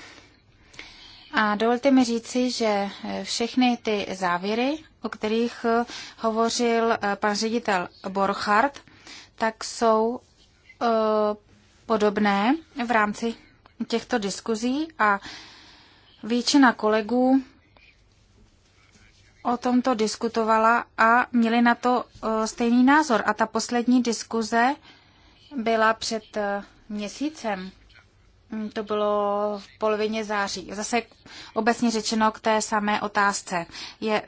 A dovolte mi říci, že e, všechny ty závěry, o kterých hovořil pan ředitel Borchardt, tak jsou e, podobné v rámci těchto diskuzí a většina kolegů o tomto diskutovala a měli na to e, stejný názor. A ta poslední diskuze byla před e, měsícem. Mm, to bylo v polovině září. Zase obecně řečeno k té samé otázce. Je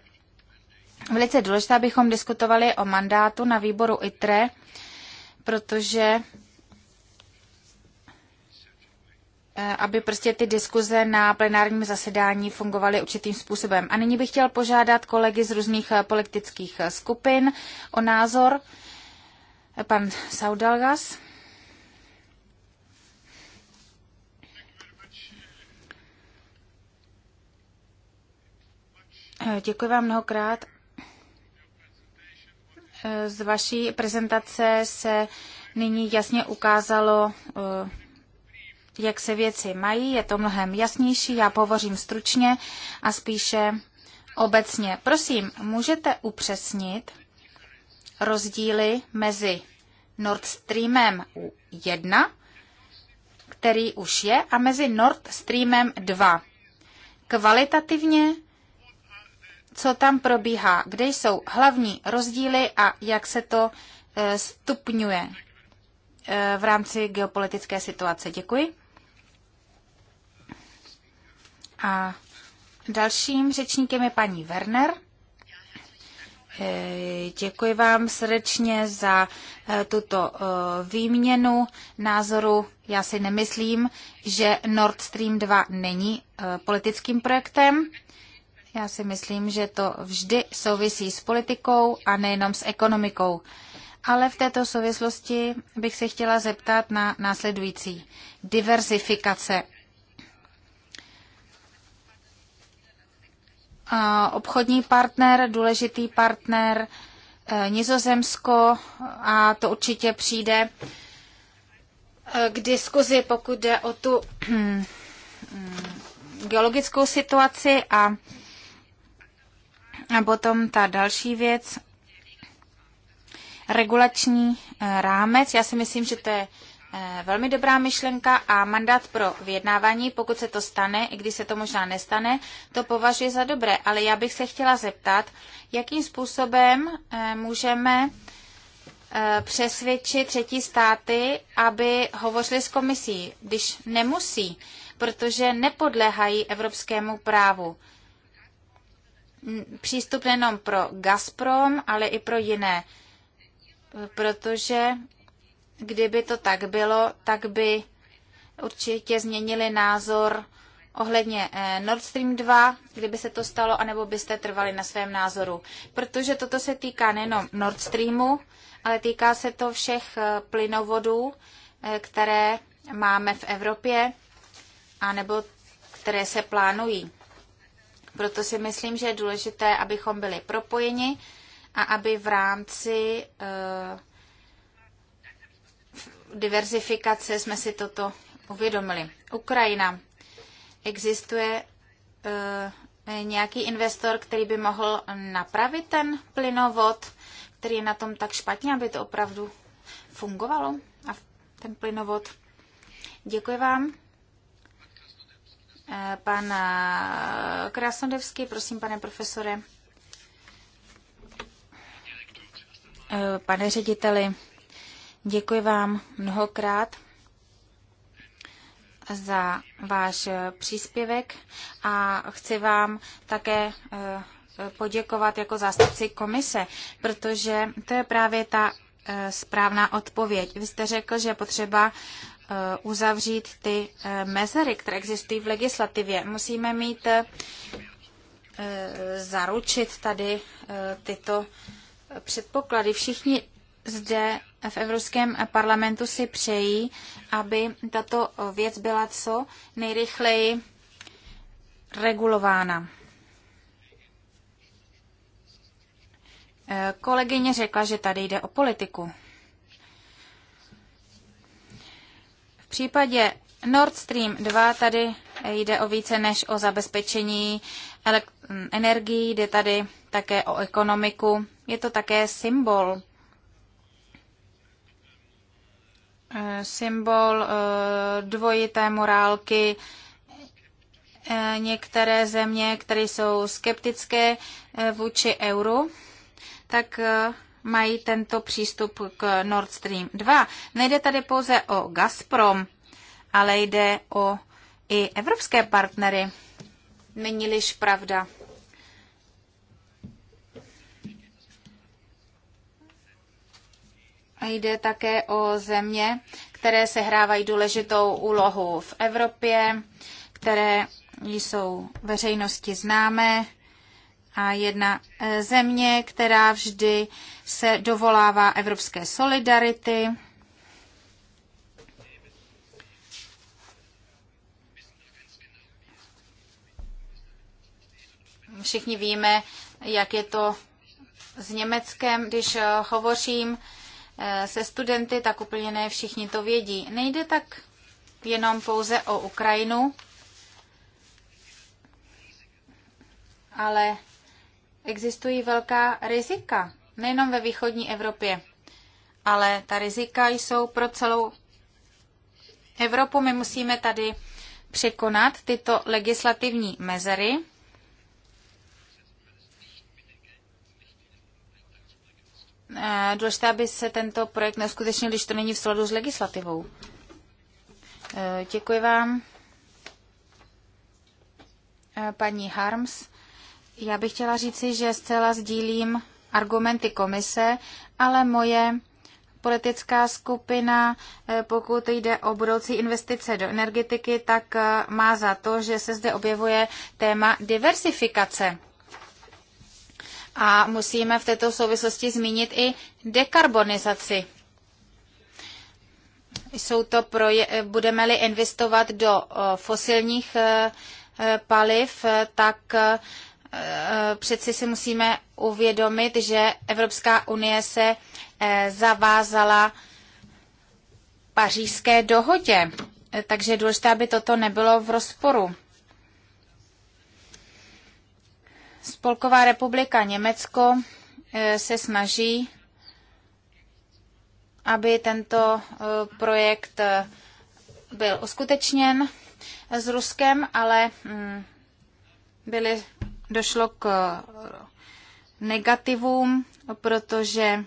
velice důležité, abychom diskutovali o mandátu na výboru ITRE protože eh, aby prostě ty diskuze na plenárním zasedání fungovaly určitým způsobem. A nyní bych chtěl požádat kolegy z různých eh, politických eh, skupin o názor. Pan Saudalgas. Děkuji vám mnohokrát. Z vaší prezentace se nyní jasně ukázalo, eh, jak se věci mají, je to mnohem jasnější, já povořím stručně a spíše obecně. Prosím, můžete upřesnit rozdíly mezi Nord Streamem 1, který už je, a mezi Nord Streamem 2. Kvalitativně co tam probíhá, kde jsou hlavní rozdíly a jak se to eh, stupňuje eh, v rámci geopolitické situace. Děkuji. A dalším řečníkem je paní Werner. Eh, děkuji vám srdečně za tuto výměnu názoru. Já si nemyslím, že Nord Stream 2 není politickým projektem. Já si myslím, že to vždy souvisí s politikou a nejenom s ekonomikou. Ale v této souvislosti bych se chtěla zeptat na následující. Diverzifikace. Obchodní partner, důležitý partner, e, Nizozemsko a to určitě přijde e, k diskuzi, pokud jde o tu geologickou situaci a a potom ta další věc, regulační eh, rámec. Já si myslím, že to je eh, velmi dobrá myšlenka a mandát pro vyjednávání, pokud se to stane, i když se to možná nestane, to považuji za dobré. Ale já bych se chtěla zeptat, jakým způsobem eh, můžeme přesvědčit třetí státy, aby hovořili s komisí, když nemusí, protože nepodléhají evropskému právu přístup nejenom pro Gazprom, ale i pro jiné. Protože kdyby to tak bylo, tak by určitě změnili názor ohledně eh, Nord Stream 2, kdyby se to stalo, anebo byste trvali na svém názoru. Protože toto se týká nejenom Nord Streamu, ale týká se to všech eh, plynovodů, eh, které máme v Evropě, anebo které se plánují. Proto si myslím, že je důležité, abychom byli propojeni a aby v rámci eh, diverzifikace jsme si toto uvědomili. Ukrajina. Existuje eh, nějaký investor, který by mohl napravit ten plynovod, který je na tom tak špatně, aby to opravdu fungovalo a ten plynovod. Děkuji vám. Pan eh, Krasnodevský, prosím, pane profesore. Eh, pane řediteli, děkuji vám mnohokrát za váš eh, příspěvek a chci vám také poděkovat jako zástupci komise, protože to je právě ta Eh, správná odpověď. Vy jste řekl, že je potřeba eh, uzavřít ty eh, mezery, které existují v legislativě. Musíme mít zaručit tady tyto předpoklady. Všichni zde v Evropském parlamentu si přejí, aby tato věc byla co nejrychleji regulována. Kolegyně řekla, že tady jde o politiku. V případě Nord Stream 2 tady jde o více než o zabezpečení energií, jde tady také o ekonomiku. Je to také symbol. Eh, symbol eh, dvojité morálky. Eh, některé země, které jsou skeptické vůči euru, tak eh, mají tento přístup k Nord Stream 2. Nejde tady pouze o Gazprom, ale jde o i evropské partnery. Není-liž pravda. A jde také o země, které se hrávají důležitou úlohu v Evropě, které jsou veřejnosti známé a jedna e, země, která vždy se dovolává evropské solidarity. Všichni víme, jak je to s Německem, když e, hovořím e, se studenty, tak úplně ne všichni to vědí. Nejde tak jenom pouze o Ukrajinu, ale existují velká rizika, nejenom ve východní Evropě, ale ta rizika jsou pro celou Evropu. My musíme tady překonat tyto legislativní mezery. Eh, důležité, aby se tento projekt neuskutečnil, když to není v souladu s legislativou. Eh, děkuji vám. Eh, paní Harms. Já bych chtěla říci, že zcela sdílím argumenty komise, ale moje politická skupina, eh, pokud jde o budoucí investice do energetiky, tak eh, má za to, že se zde objevuje téma diversifikace. A musíme v této souvislosti zmínit i dekarbonizaci. Jsou to proje- eh, budeme-li investovat do fosilních paliv, tak Eh, přeci si musíme uvědomit, že Evropská unie se eh, zavázala pařížské dohodě, eh, takže je důležité, aby toto nebylo v rozporu. Spolková republika Německo se snaží, aby tento projekt byl uskutečněn s Ruskem, ale mm, byly došlo k negativům, protože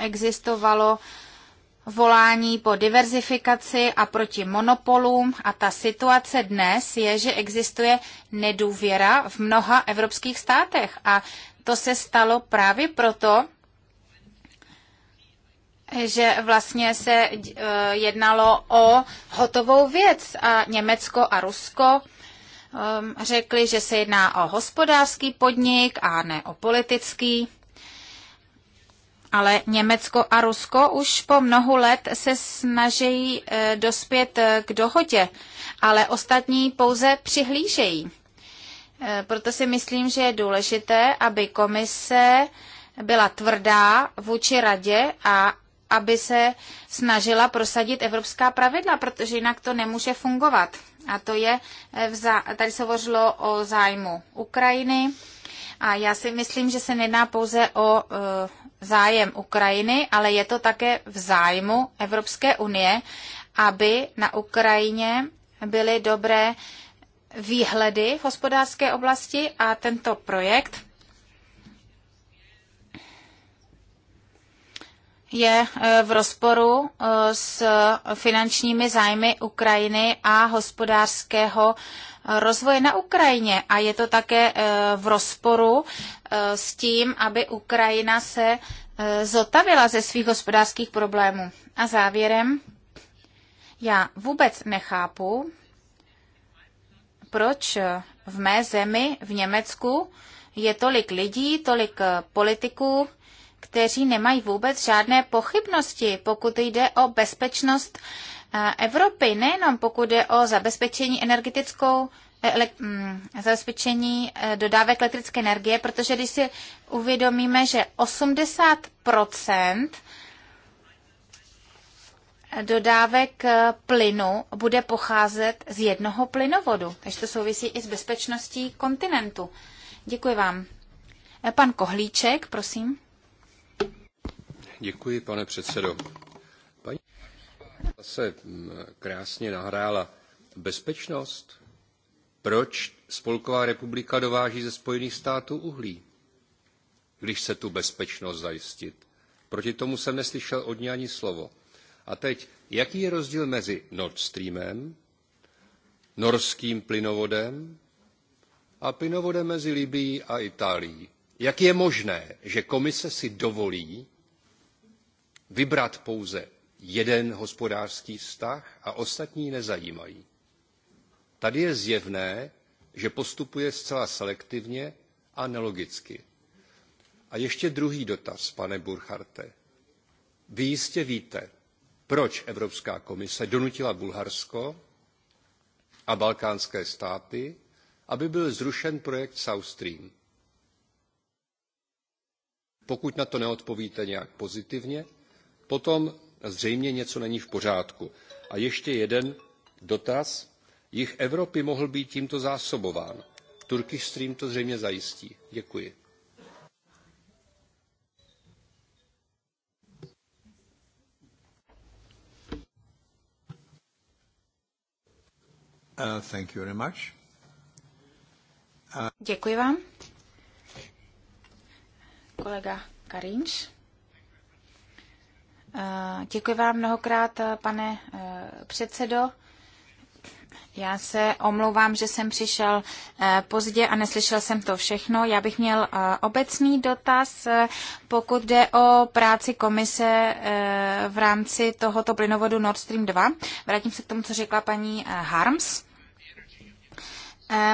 existovalo volání po diverzifikaci a proti monopolům a ta situace dnes je, že existuje nedůvěra v mnoha evropských státech a to se stalo právě proto, že vlastně se eh, jednalo o hotovou věc a Německo a Rusko Um, řekli, že se jedná o hospodářský podnik a ne o politický. Ale Německo a Rusko už po mnohu let se snaží eh, dospět eh, k dohodě, ale ostatní pouze přihlížejí. Eh, proto si myslím, že je důležité, aby komise byla tvrdá vůči radě a aby se snažila prosadit evropská pravidla, protože jinak to nemůže fungovat. A to je, eh, tady se hovořilo o zájmu Ukrajiny a já si myslím, že se nejedná pouze o eh, zájem Ukrajiny, ale je to také v zájmu Evropské unie, aby na Ukrajině byly dobré výhledy v hospodářské oblasti a tento projekt je eh, v rozporu eh, s finančními zájmy Ukrajiny a hospodářského eh, rozvoje na Ukrajině. A je to také v rozporu s tím, aby Ukrajina se zotavila ze svých hospodářských problémů. A závěrem, já vůbec nechápu, proč v mé zemi, v Německu, je tolik lidí, tolik politiků, kteří nemají vůbec žádné pochybnosti, pokud jde o bezpečnost eh, Evropy, nejenom pokud jde o zabezpečení energetickou eh, ele, mm, zabezpečení eh, dodávek elektrické energie, protože když si uvědomíme, že 80 dodávek plynu bude pocházet z jednoho plynovodu. Takže to souvisí i s bezpečností kontinentu. Děkuji vám. Pan Kohlíček, prosím pane předsedající Paní se mm, krásně nahrála bezpečnost. Proč Spolková republika dováží ze Spojených států uhlí, když se tu bezpečnost zajistit? Proti tomu jsem neslyšel od ní ani slovo. A teď, jaký je rozdíl mezi Nord Streamem, norským plynovodem a plynovodem mezi Libyí a Itálií? Jak je možné, že komise si dovolí vybrat pouze jeden hospodářský vztah a ostatní nezajímají. Tady je zjevné, že postupuje zcela selektivně a nelogicky. A ještě druhý dotaz, pane Burcharte. Vy jistě víte, proč Evropská komise donutila Bulharsko a balkánské státy, aby byl zrušen projekt South Stream. Pokud na to neodpovíte nějak pozitivně, potom zřejmě něco není v pořádku. A ještě jeden dotaz. Jich Evropy mohl být tímto zásobován. Turkish Stream to zřejmě zajistí. Děkuji. Uh, thank you very much. Uh... Děkuji vám. Kolega Karinš. Eh, děkuji vám mnohokrát, eh, pane eh, předsedo. Já se omlouvám, že jsem přišel pozdě a neslyšel jsem to všechno. Já bych měl obecný dotaz, pokud jde o práci komise v rámci tohoto plynovodu Nord Stream 2. Vrátím se k tomu, co řekla paní Harms.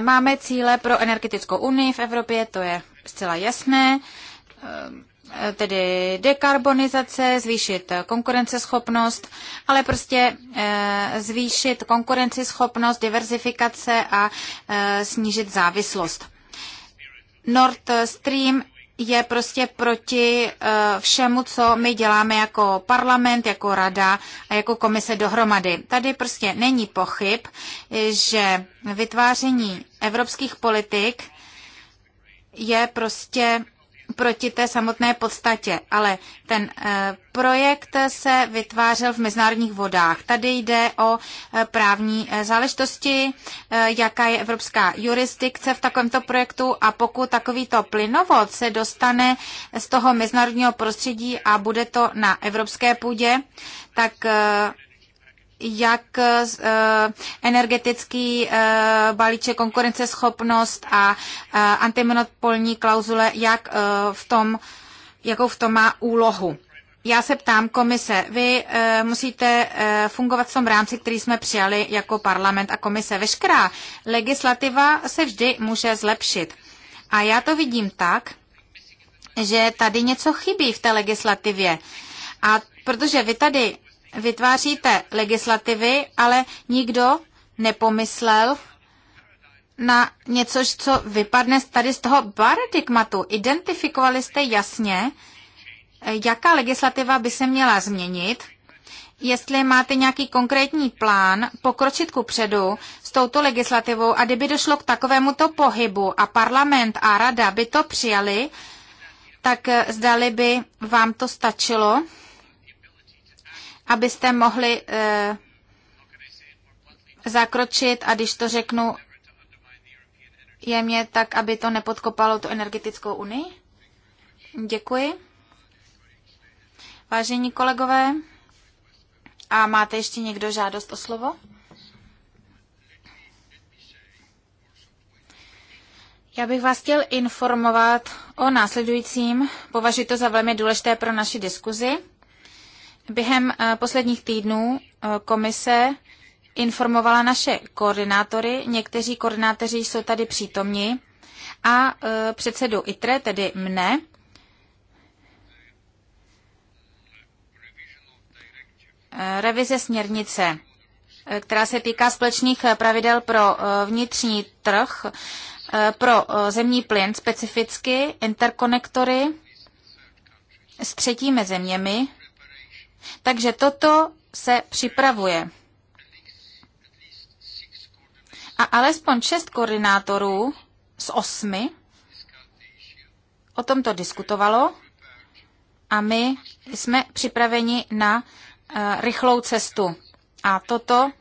Máme cíle pro energetickou unii v Evropě, to je zcela jasné tedy dekarbonizace, zvýšit konkurenceschopnost, ale prostě eh, zvýšit konkurenceschopnost, diverzifikace a eh, snížit závislost. Nord Stream je prostě proti eh, všemu, co my děláme jako parlament, jako rada a jako komise dohromady. Tady prostě není pochyb, že vytváření evropských politik je prostě proti té samotné podstatě, ale ten eh, projekt se vytvářel v mezinárodních vodách. Tady jde o eh, právní eh, záležitosti, jaká je evropská jurisdikce v takovémto projektu a pokud takovýto plynovod se dostane z toho mezinárodního prostředí a bude to na evropské půdě, tak jak eh, energetický eh, balíček konkurenceschopnost a eh, antimonopolní klauzule, jak v tom, jakou v tom má úlohu. Já se ptám komise, vy e, musíte e, fungovat v tom rámci, který jsme přijali jako parlament a komise. Veškerá legislativa se vždy může zlepšit. A já to vidím tak, že tady něco chybí v té legislativě. A protože vy tady vytváříte legislativy, ale nikdo nepomyslel na něco, co vypadne tady z toho paradigmatu. Identifikovali jste jasně, jaká legislativa by se měla změnit, jestli máte nějaký konkrétní plán pokročit ku předu s touto legislativou a kdyby došlo k takovémuto pohybu a parlament a rada by to přijali, tak eh, zdali by vám to stačilo abyste mohli eh, zakročit a když to řeknu jemně, tak aby to nepodkopalo tu energetickou unii? Děkuji. Vážení kolegové, a máte ještě někdo žádost o slovo? Já bych vás chtěl informovat o následujícím. Považuji to za velmi důležité pro naši diskuzi. Během eh, posledních týdnů eh, komise informovala naše koordinátory, někteří koordinátoři jsou tady přítomni, a eh, předsedu ITRE, tedy mne, revize směrnice, která se týká společných pravidel pro vnitřní trh, pro zemní plyn specificky, interkonektory s třetími zeměmi, takže toto se připravuje. A alespoň šest koordinátorů z osmi o tomto diskutovalo a my jsme připraveni na eh, rychlou cestu. A toto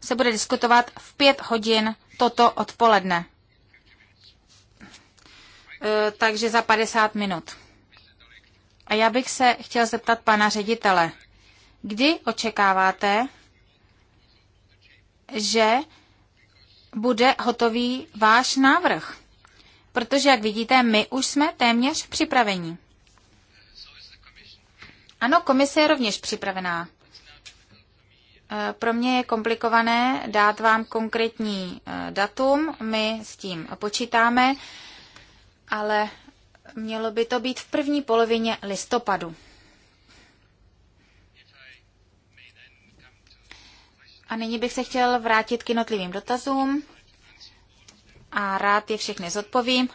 se bude diskutovat v pět hodin toto odpoledne. Eh, takže za 50 minut. A já bych se chtěl zeptat pana ředitele. Kdy očekáváte, že bude hotový váš návrh? Protože, jak vidíte, my už jsme téměř připraveni. Ano, komise je rovněž připravená. E, pro mě je komplikované dát vám konkrétní e, datum, my s tím počítáme, ale mělo by to být v první polovině listopadu. A nyní bych se chtěl vrátit k jednotlivým dotazům a rád je všechny zodpovím.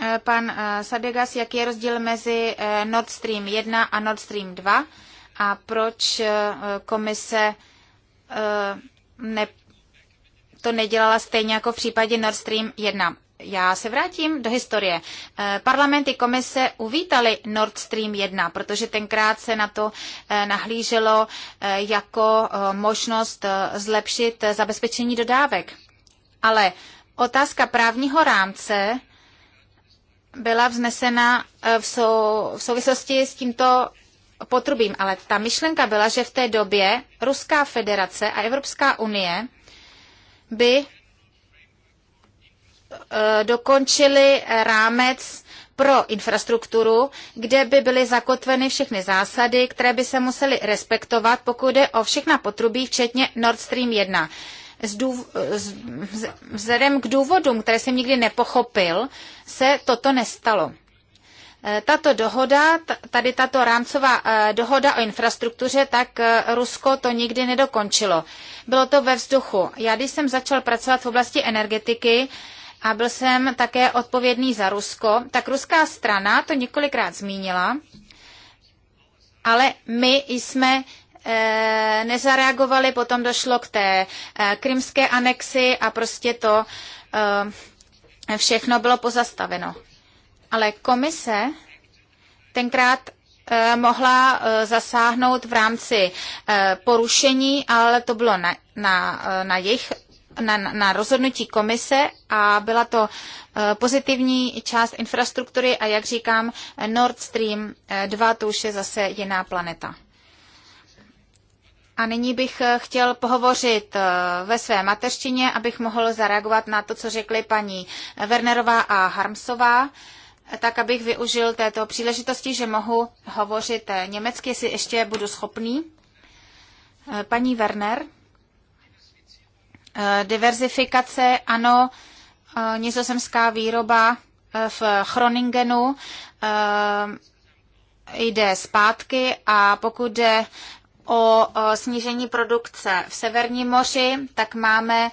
Eh, pan eh, Sadegas, jaký je rozdíl mezi eh, Nord Stream 1 a Nord Stream 2 a proč komise ne, to nedělala stejně jako v případě Nord Stream 1? Já se vrátím do historie. Eh, parlamenty komise uvítali Nord Stream 1, protože tenkrát se na to eh, nahlíželo eh, jako možnost zlepšit zabezpečení dodávek. Ale otázka právního rámce byla vznesena v, sou, v souvislosti s tímto potrubím, ale ta myšlenka byla, že v té době Ruská federace a Evropská unie by Eh, dokončili rámec pro infrastrukturu, kde by byly zakotveny všechny zásady, které by se musely respektovat, pokud jde o všechna potrubí, včetně Nord Stream 1. Vzhledem k důvodům, které jsem nikdy nepochopil, se toto nestalo. Eh, tato dohoda, tady tato rámcová eh, dohoda o infrastruktuře, tak Rusko to nikdy nedokončilo. Bylo to ve vzduchu. Já když jsem začal pracovat v oblasti energetiky, a byl jsem také odpovědný za Rusko, tak ruská strana to několikrát zmínila, ale my jsme eh, nezareagovali, potom došlo k té eh, krymské anexi a prostě to eh, všechno bylo pozastaveno. Ale komise tenkrát mohla zasáhnout v rámci porušení, ale to bylo na, na, na jejich na, na rozhodnutí komise a byla to eh, pozitivní část infrastruktury a jak říkám, Nord Stream 2 eh, to už je zase jiná planeta. A nyní bych eh, chtěl pohovořit ve své mateřštině, abych mohl zareagovat na to, co řekly paní Wernerová a Harmsová, tak abych využil této příležitosti, že mohu hovořit německy, jestli ještě budu schopný. Paní Werner. Eh, diverzifikace, ano, eh, nizozemská výroba eh, v Chroningenu jde zpátky a pokud jde o snížení produkce v Severním moři, tak máme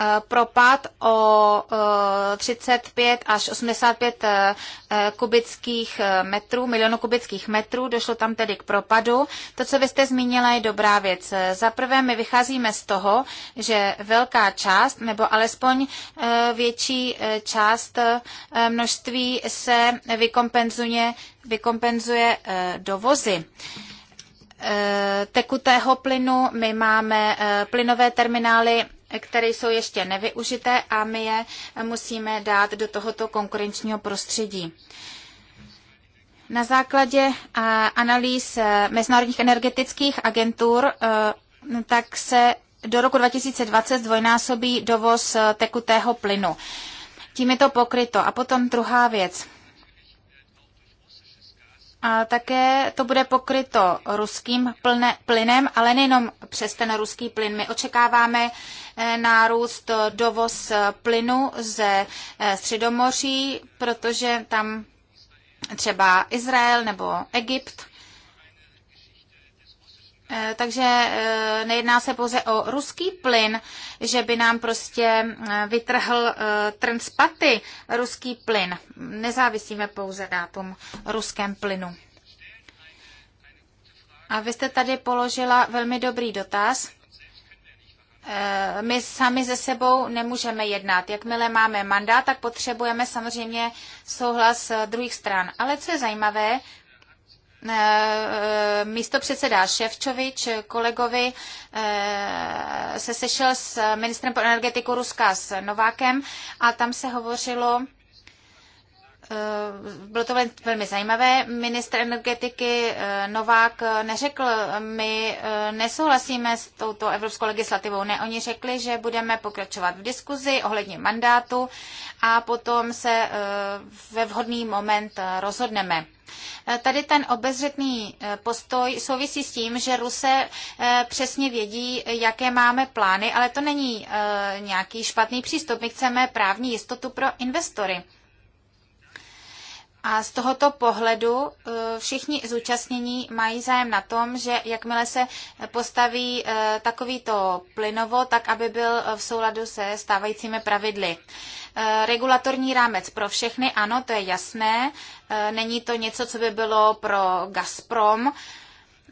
Eh, propad o 35 eh, až 85 eh, kubických metrů, milionů kubických metrů, došlo tam tedy k propadu. To, co vy jste zmínila, je dobrá věc. Za prvé, my vycházíme z toho, že velká část, nebo alespoň větší část množství se vykompenzuje, vykompenzuje dovozy. Eh, tekutého plynu, my máme eh, plynové terminály, které jsou ještě nevyužité a my je musíme dát do tohoto konkurenčního prostředí. Na základě eh, analýz mezinárodních energetických agentur tak se do roku 2020 dvojnásobí dovoz tekutého plynu. Tím je to pokryto. A potom druhá věc. A také to bude pokryto ruským plne, plynem, ale nejenom přes ten ruský plyn. My očekáváme eh, nárůst dovoz plynu ze eh, Středomoří, protože tam třeba Izrael nebo Egypt Eh, takže eh, nejedná se pouze o ruský plyn, že by nám prostě eh, vytrhl trn z paty ruský plyn. Nezávisíme pouze na tom ruském plynu. A vy jste tady položila velmi dobrý dotaz. My sami ze sebou nemůžeme jednat. Jakmile máme mandát, tak potřebujeme samozřejmě souhlas druhých stran. Ale co je zajímavé, Eh, eh, místo předseda Ševčovič kolegovi eh, se sešel s ministrem pro energetiku Ruska s Novákem a tam se hovořilo Eh, bylo to velmi zajímavé. Minister energetiky eh, Novák eh, neřekl, my nesouhlasíme s touto evropskou legislativou. Ne, oni řekli, že budeme pokračovat v diskuzi ohledně mandátu a potom se ve vhodný moment rozhodneme. Tady ten obezřetný postoj souvisí s tím, že Ruse přesně vědí, jaké máme plány, ale to není nějaký špatný přístup. My chceme právní jistotu pro investory. A z tohoto pohledu e, všichni zúčastnění mají zájem na tom, že jakmile se postaví e, takovýto plynovo, tak aby byl v souladu se stávajícími pravidly. E, regulatorní rámec pro všechny, ano, to je jasné. Není to něco, co by bylo pro Gazprom,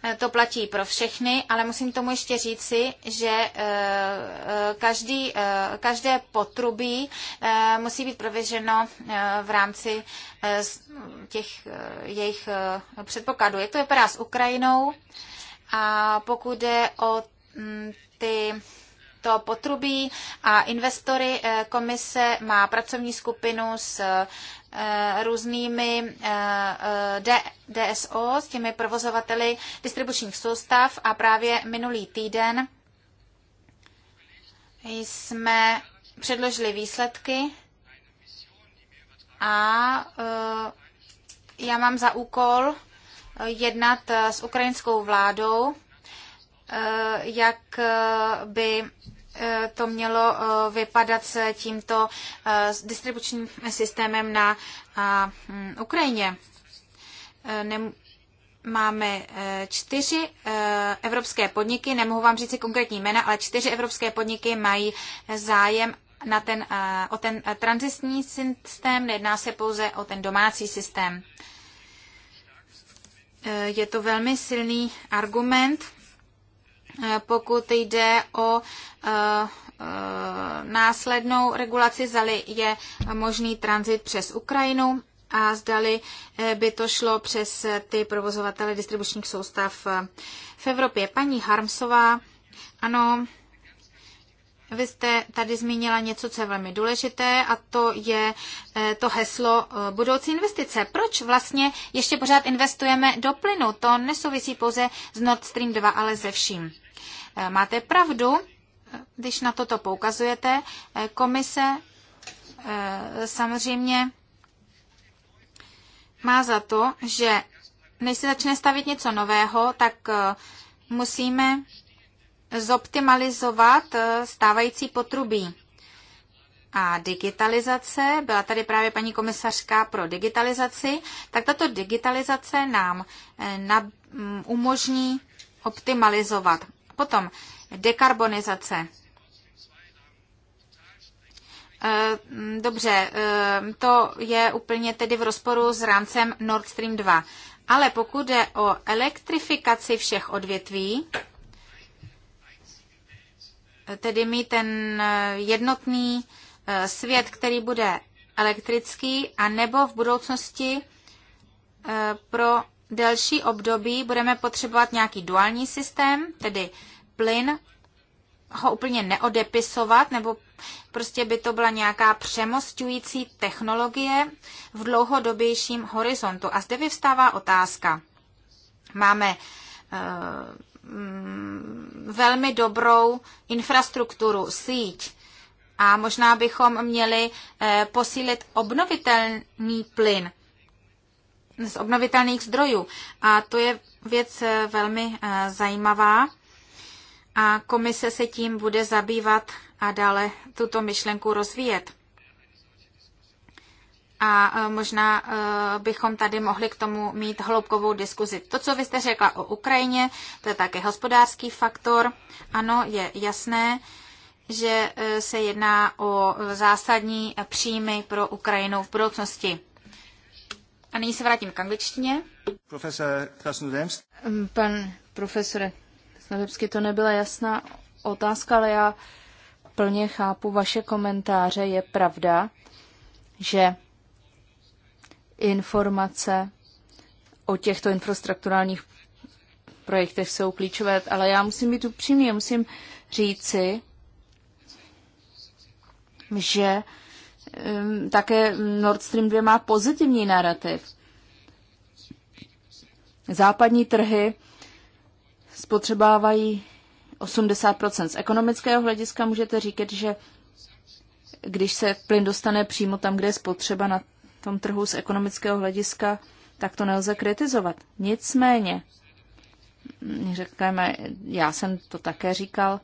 Eh, to platí pro všechny, ale musím tomu ještě říci, že eh, eh, každý, každé potrubí musí být prověřeno v rámci těch jejich předpokladů. Je to je s Ukrajinou? A pokud jde o mm, ty to potrubí a investory komise má pracovní skupinu s Eh, různými eh, eh, DSO, s těmi provozovateli distribučních soustav a právě minulý týden jsme předložili výsledky a já mám za úkol jednat s ukrajinskou vládou, jak by Eh, to mělo eh, vypadat s tímto eh, distribučním systémem na hm, Ukrajině. Máme čtyři evropské podniky, nemohu vám říct si konkrétní jména, ale čtyři evropské podniky mají zájem na ten, o ten transistní systém, nejedná se pouze o ten domácí systém. Je to velmi silný argument Eh, pokud jde o eh, eh, následnou regulaci, zali je možný tranzit přes Ukrajinu a zdali by to šlo přes ty provozovatele distribučních soustav v Evropě. Paní Harmsová, ano, vy jste tady zmínila něco, co je velmi důležité a to je to heslo budoucí investice. Proč vlastně ještě pořád investujeme do plynu? To nesouvisí pouze s Nord Stream 2, ale ze vším. Eh, máte pravdu, eh, když na toto poukazujete, eh, komise samozřejmě má za to, že než se začne stavit něco nového, tak musíme zoptimalizovat stávající potrubí. A digitalizace, byla tady právě paní komisařka pro digitalizaci, tak tato digitalizace nám mm, umožní optimalizovat. Potom dekarbonizace. Eh, dobře, eh, to je úplně tedy v rozporu s rámcem Nord Stream 2. Ale pokud jde o elektrifikaci všech odvětví, tedy mít ten eh, jednotný svět, který bude elektrický, a nebo v budoucnosti pro delší období budeme potřebovat nějaký duální systém, tedy plyn ho úplně neodepisovat, nebo prostě by to byla nějaká přemostující technologie v dlouhodobějším horizontu. A zde vyvstává otázka. Máme eh, mm, velmi dobrou infrastrukturu, síť. A možná bychom měli eh, posílit obnovitelný plyn z obnovitelných zdrojů. A to je věc eh, velmi eh, zajímavá a komise se tím bude zabývat a dále tuto myšlenku rozvíjet. A eh, možná bychom tady mohli k tomu mít hloubkovou diskuzi. To, co vy jste řekla o Ukrajině, to je také hospodářský faktor. Ano, je jasné, že se jedná o zásadní příjmy pro Ukrajinu v budoucnosti. A nyní se vrátím k angličtině. Profesor Krasnodemský. Pan profesore Krasnodemsky, to nebyla jasná otázka, ale já plně chápu vaše komentáře. Je pravda, že informace o těchto infrastrukturálních projektech jsou klíčové, ale já musím být upřímný, musím říci, že Ehm, také Nord Stream 2 má pozitivní narrativ. Západní trhy spotřebávají 80%. Z ekonomického hlediska můžete říkat, že když se plyn dostane přímo tam, kde je spotřeba na tom trhu z ekonomického hlediska, tak to nelze kritizovat. Nicméně, řekněme, já jsem to také říkal,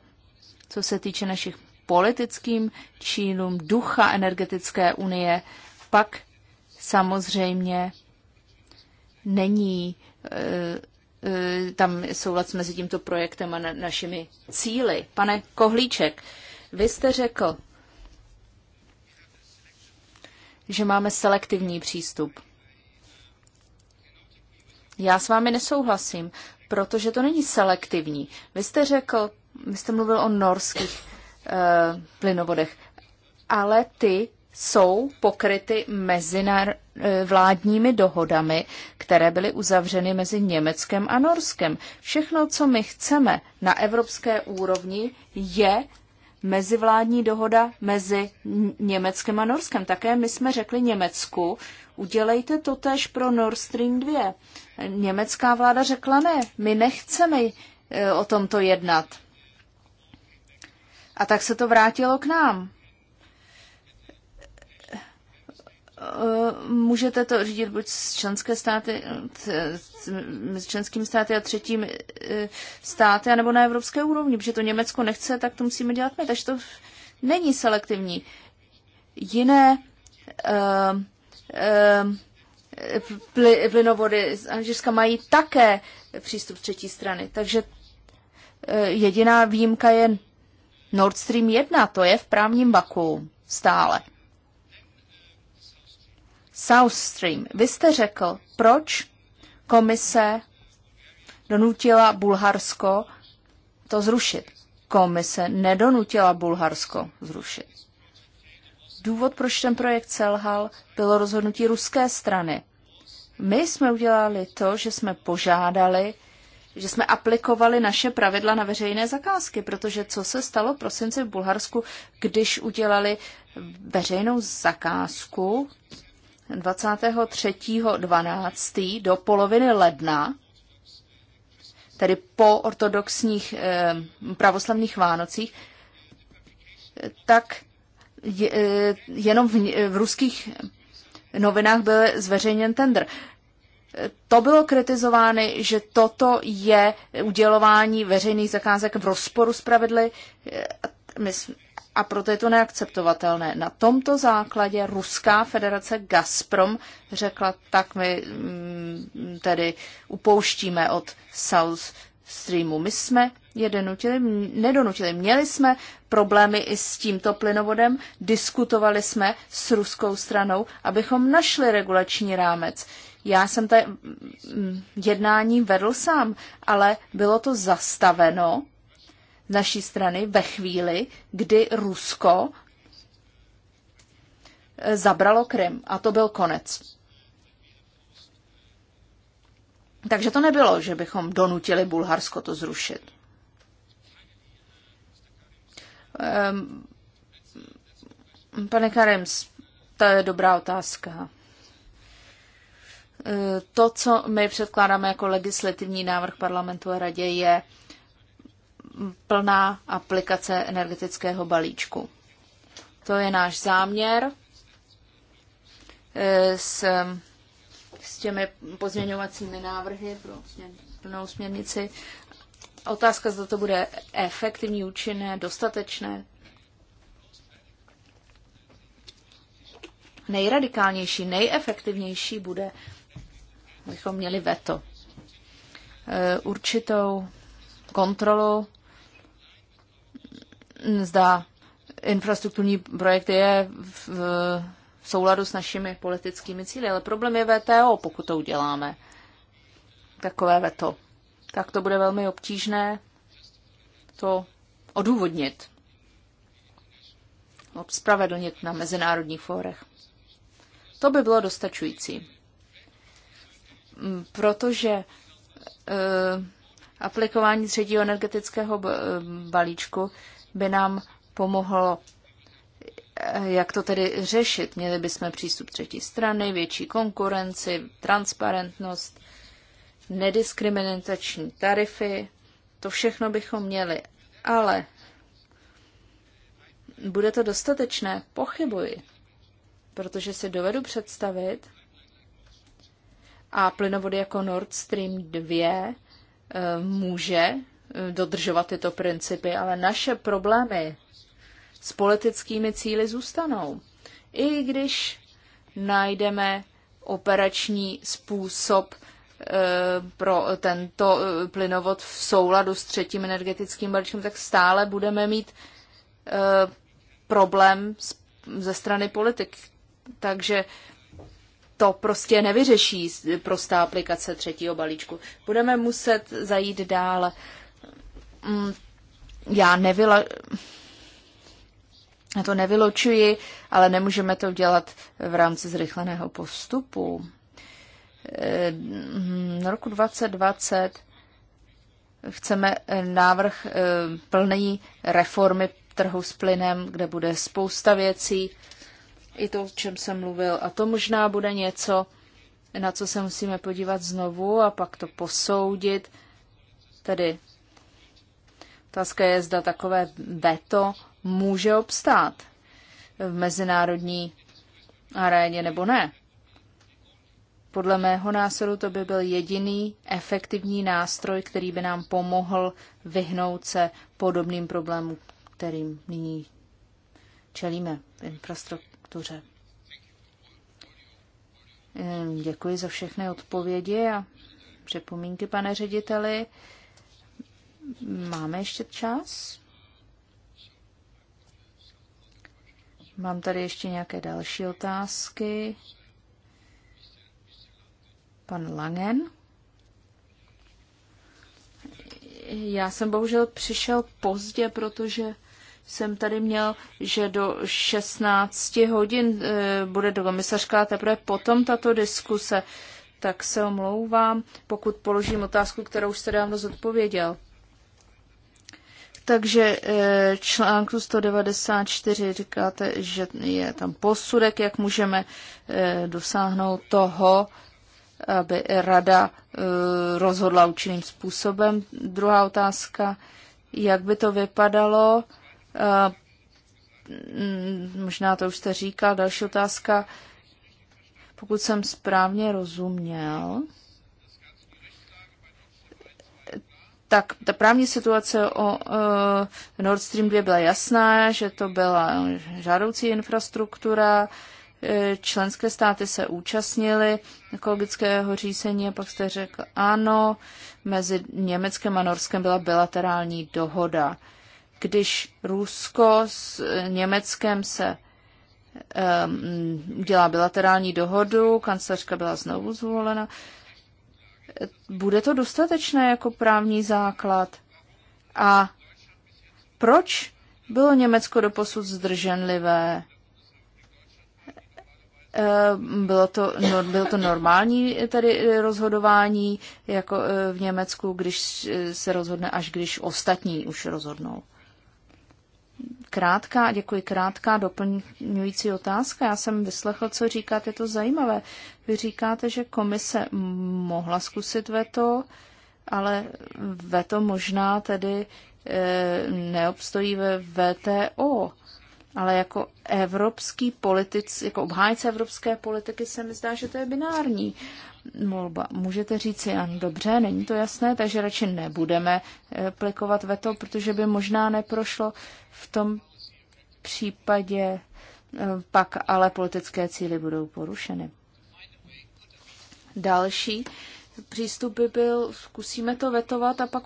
co se týče našich politickým činům ducha energetické unie, pak samozřejmě není eh, eh, tam soulad mezi tímto projektem a našimi cíly. Pane Kohlíček, vy jste řekl, že máme selektivní přístup. Já s vámi nesouhlasím, protože to není selektivní. Vy jste řekl, vy jste mluvil o norských Eh, plynovodech, ale ty jsou pokryty eh, vládními dohodami, které byly uzavřeny mezi Německem a Norskem. Všechno, co my chceme na evropské úrovni, je mezivládní dohoda mezi Německem a Norskem. Také my jsme řekli Německu, udělejte to tež pro Nord Stream 2. Německá vláda řekla ne, my nechceme eh, o tomto jednat. A tak se to vrátilo k nám. Eh, můžete to řídit buď s členské státy, eh, s členským státy a třetími eh, státy, anebo na evropské úrovni, protože to Německo nechce, tak to musíme dělat my. Takže to není selektivní. Jiné plynovody z Alžírska mají také přístup třetí strany. Takže jediná výjimka je Nord Stream 1, to je v právním baku stále. South Stream, vy jste řekl, proč komise donutila Bulharsko to zrušit. Komise nedonutila Bulharsko zrušit. Důvod, proč ten projekt selhal, bylo rozhodnutí ruské strany. My jsme udělali to, že jsme požádali že jsme aplikovali naše pravidla na veřejné zakázky, protože co se stalo prosince v Bulharsku, když udělali veřejnou zakázku 23.12. do poloviny ledna, tedy po ortodoxních eh, pravoslavných Vánocích, tak je, eh, jenom v, v ruských novinách byl zveřejněn tender to bylo kritizováno, že toto je udělování veřejných zakázek v rozporu s pravidly eh, a proto je to neakceptovatelné. Na tomto základě Ruská federace Gazprom řekla, tak my mm, tedy upouštíme od South Streamu. My jsme je denutili, nedonutili. Měli jsme problémy i s tímto plynovodem, diskutovali jsme s ruskou stranou, abychom našli regulační rámec. Já jsem ta mm, jednání vedl sám, ale bylo to zastaveno z naší strany ve chvíli, kdy Rusko eh, zabralo Krym a to byl konec. Takže to nebylo, že bychom donutili Bulharsko to zrušit. Ehm, pane Karims, to je dobrá otázka to, co my předkládáme jako legislativní návrh parlamentu a radě, je plná aplikace energetického balíčku. To je náš záměr eh, s, s těmi pozměňovacími návrhy pro plnou směrnici. Otázka, zda to bude efektivní, účinné, dostatečné. Nejradikálnější, nejefektivnější bude bychom měli veto. Eh, určitou kontrolu mm, zda infrastrukturní projekt je v, v souladu s našimi politickými cíly, ale problém je VTO, pokud to uděláme. Takové veto. Tak to bude velmi obtížné to odůvodnit, spravedlnit na mezinárodních fórech. To by bylo dostačující. Mm, protože eh, aplikování třetího energetického eh, balíčku by nám pomohlo eh, jak to tedy řešit? Měli bychom přístup třetí strany, větší konkurenci, transparentnost, nediskriminační tarify, to všechno bychom měli. Ale bude to dostatečné? Pochybuji, protože si dovedu představit, a plynovody jako Nord Stream 2 eh, může eh, dodržovat tyto principy, ale naše problémy s politickými cíly zůstanou. I když najdeme operační způsob eh, pro tento plynovod v souladu s třetím energetickým balíčkem, tak stále budeme mít problém ze strany politik. Takže to prostě nevyřeší prostá aplikace třetího balíčku. Budeme muset zajít dál. Mm, já nevyla... Já to nevyločuji, ale nemůžeme to dělat v rámci zrychleného postupu. Na e, mm, roku 2020 chceme návrh e, plný reformy trhu s plynem, kde bude spousta věcí, i to, o čem jsem mluvil. A to možná bude něco, na co se musíme podívat znovu a pak to posoudit. Tedy otázka je, zda takové veto může obstát v mezinárodní aréně nebo ne. Podle mého názoru to by byl jediný efektivní nástroj, který by nám pomohl vyhnout se podobným problémům, kterým nyní čelíme v infrastruktuře struktuře. Ehm, děkuji za všechny odpovědi a připomínky, pane řediteli. Máme ještě čas? Mám tady ještě nějaké další otázky. Pan Langen. Já jsem bohužel přišel pozdě, protože jsem tady měl, že do 16 hodin eh, bude do komisařka a teprve potom tato diskuse, tak se omlouvám, pokud položím otázku, kterou už jste dávno zodpověděl. Takže eh, článku 194 říkáte, že je tam posudek, jak můžeme eh, dosáhnout toho, aby rada rozhodla účinným způsobem. Druhá otázka, jak by to vypadalo, Eh, možná to už jste říkal. Další otázka. Pokud jsem správně rozuměl, tak ta právní situace o uh, Nord Stream 2 byla jasná, že to byla žádoucí infrastruktura, eh, členské státy se účastnily ekologického řízení a pak jste řekl ano, mezi Německem a Norskem byla bilaterální dohoda. Uh, když Rusko s Německem se um, dělá bilaterální dohodu, kancelářka byla znovu zvolena, bude to dostatečné jako právní základ? A proč bylo Německo doposud zdrženlivé? Bylo to, no, bylo to normální tady eh, rozhodování jako eh, v Německu, když se rozhodne, až když ostatní už rozhodnou krátká, děkuji, krátká doplňující otázka. Já jsem vyslechl, co říkáte, je to zajímavé. Vy říkáte, že komise mohla zkusit veto, ale veto možná tedy e, neobstojí ve VTO. Ale jako evropský politic, jako obhájce evropské politiky se mi zdá, že to je binární volba. Můžete říct si, ano, dobře, není to jasné, takže radši nebudeme eh, plikovat veto, protože by možná neprošlo v tom případě eh, pak ale politické cíly budou porušeny. Další přístup by byl, zkusíme to vetovat a pak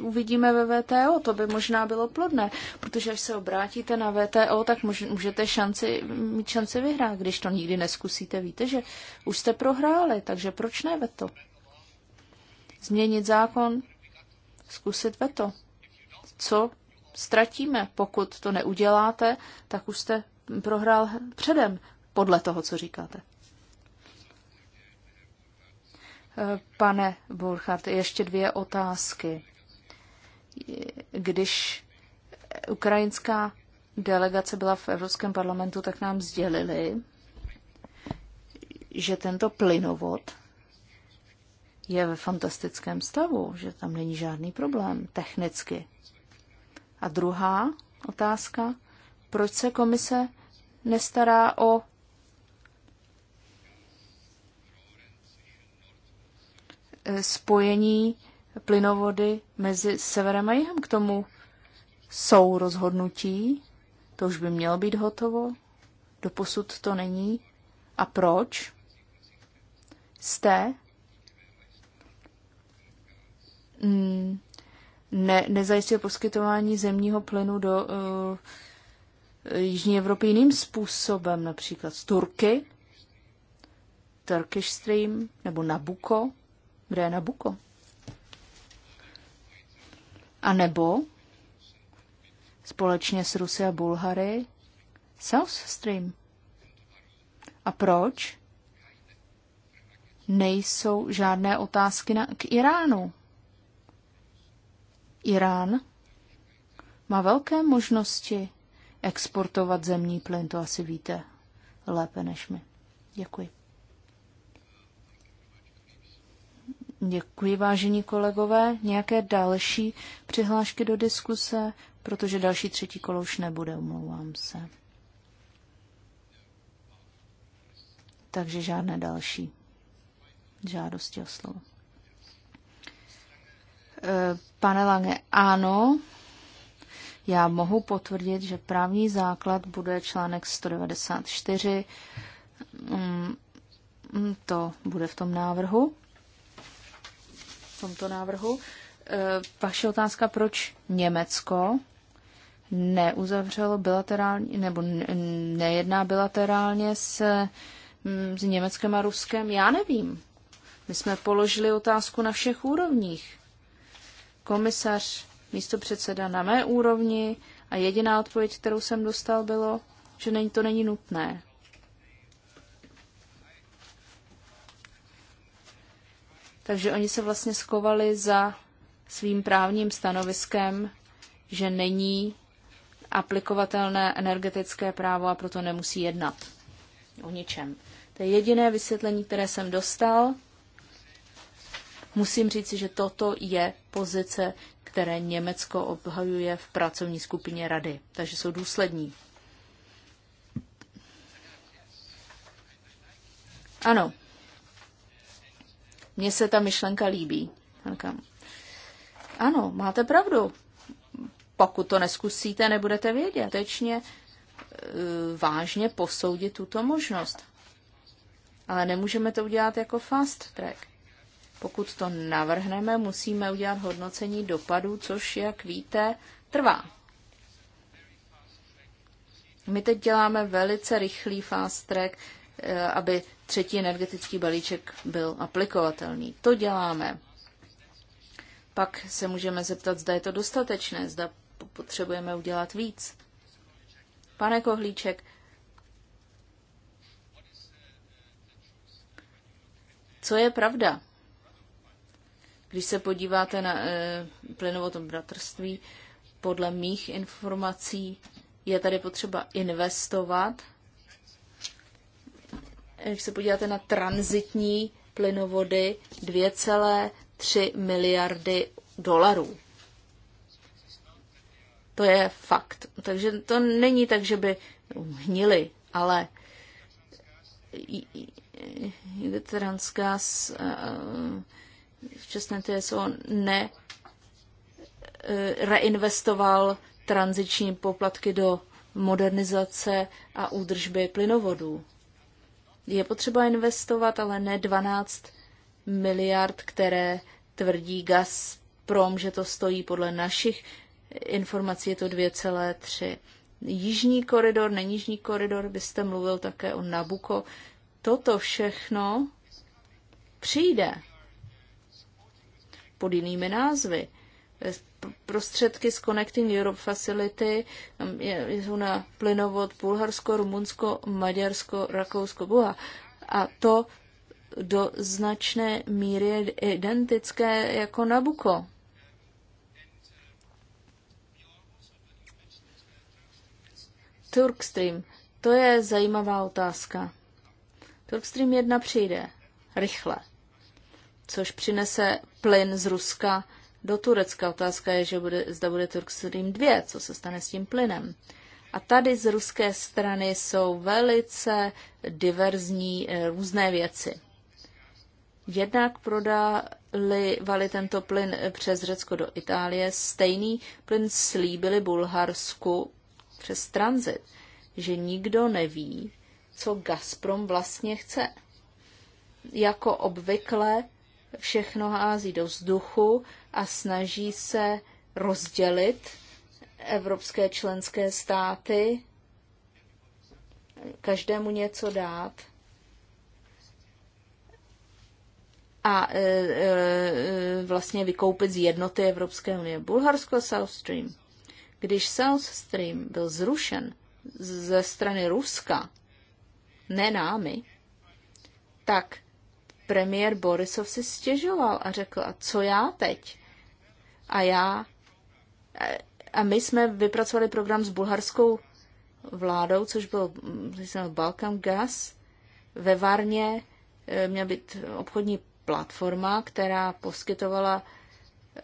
uvidíme ve VTO, to by možná bylo plodné, protože až se obrátíte na VTO, tak můžete šanci, mít šanci vyhrát. Když to nikdy neskusíte, víte, že už jste prohráli, takže proč ne veto? Změnit zákon, zkusit veto. Co ztratíme, pokud to neuděláte, tak už jste prohrál předem, podle toho, co říkáte. Eh, pane Burchard, ještě dvě otázky když ukrajinská delegace byla v Evropském parlamentu, tak nám sdělili, že tento plynovod je ve fantastickém stavu, že tam není žádný problém technicky. A druhá otázka, proč se komise nestará o spojení plynovody mezi severem a jihem. K tomu jsou rozhodnutí, to už by mělo být hotovo, doposud to není. A proč jste mm, ne, nezajistil poskytování zemního plynu do uh, Jižní Evropy jiným způsobem, například z Turky, Turkish Stream nebo Nabuko? Kde je Nabuko? A nebo společně s Rusy a Bulhary South Stream. A proč? Nejsou žádné otázky na, k Iránu. Irán má velké možnosti exportovat zemní plyn, to asi víte lépe než my. Děkuji. Děkuji, vážení kolegové. Nějaké další přihlášky do diskuse, protože další třetí kolo už nebude, omlouvám se. Takže žádné další žádosti o slovo. Eh, pane Lange, ano, já mohu potvrdit, že právní základ bude článek 194. Mm, to bude v tom návrhu v tomto návrhu. E, vaše otázka, proč Německo neuzavřelo bilaterálně nebo nejedná bilaterálně s, s Německem a Ruskem, já nevím. My jsme položili otázku na všech úrovních. Komisař, místo předseda na mé úrovni a jediná odpověď, kterou jsem dostal, bylo, že není, to není nutné. Takže oni se vlastně skovali za svým právním stanoviskem, že není aplikovatelné energetické právo a proto nemusí jednat o ničem. To je jediné vysvětlení, které jsem dostal. Musím říci, že toto je pozice, které Německo obhajuje v pracovní skupině rady, takže jsou důslední. Ano, mně se ta myšlenka líbí. Ano, máte pravdu. Pokud to neskusíte, nebudete vědět. Tečně e, vážně posoudit tuto možnost. Ale nemůžeme to udělat jako fast track. Pokud to navrhneme, musíme udělat hodnocení dopadů, což, jak víte, trvá. My teď děláme velice rychlý fast track, e, aby třetí energetický balíček byl aplikovatelný. To děláme. Pak se můžeme zeptat, zda je to dostatečné, zda potřebujeme udělat víc. Pane Kohlíček, co je pravda? Když se podíváte na e, plynovod bratrství, podle mých informací je tady potřeba investovat – když se podíváte na transitní plynovody, 2,3 miliardy dolarů. To je fakt. Takže to není tak, že by hnili, ale jde eh, v včasné TSO ne eh, reinvestoval tranziční poplatky do modernizace a údržby plynovodů. Je potřeba investovat, ale ne 12 miliard, které tvrdí Gazprom, že to stojí podle našich informací je to 2,3. Jižní koridor, nejižní koridor, byste mluvil také o Nabuko. Toto všechno přijde pod jinými názvy prostředky z Connecting Europe Facility jsou na plynovod Bulharsko, Rumunsko, Maďarsko, Rakousko, Boha. A to do značné míry je identické jako Nabuko. Turkstream. To je zajímavá otázka. Turkstream 1 přijde rychle, což přinese plyn z Ruska do Turecka. Otázka je, že bude, zda bude Turk Stream 2, co se stane s tím plynem. A tady z ruské strany jsou velice diverzní eh, různé věci. Jednak prodali tento plyn eh, přes Řecko do Itálie, stejný plyn slíbili Bulharsku přes tranzit, že nikdo neví, co Gazprom vlastně chce. Jako obvykle všechno hází do vzduchu a snaží se rozdělit evropské členské státy, každému něco dát. A e, e, vlastně vykoupit z jednoty Evropské unie. Bulharsko South Stream. Když South Stream byl zrušen ze strany Ruska, ne námi, tak premiér Borisov si stěžoval a řekl, a co já teď? a já a my jsme vypracovali program s bulharskou vládou, což byl mm, Balkan Gas. Ve Varně eh, měla být obchodní platforma, která poskytovala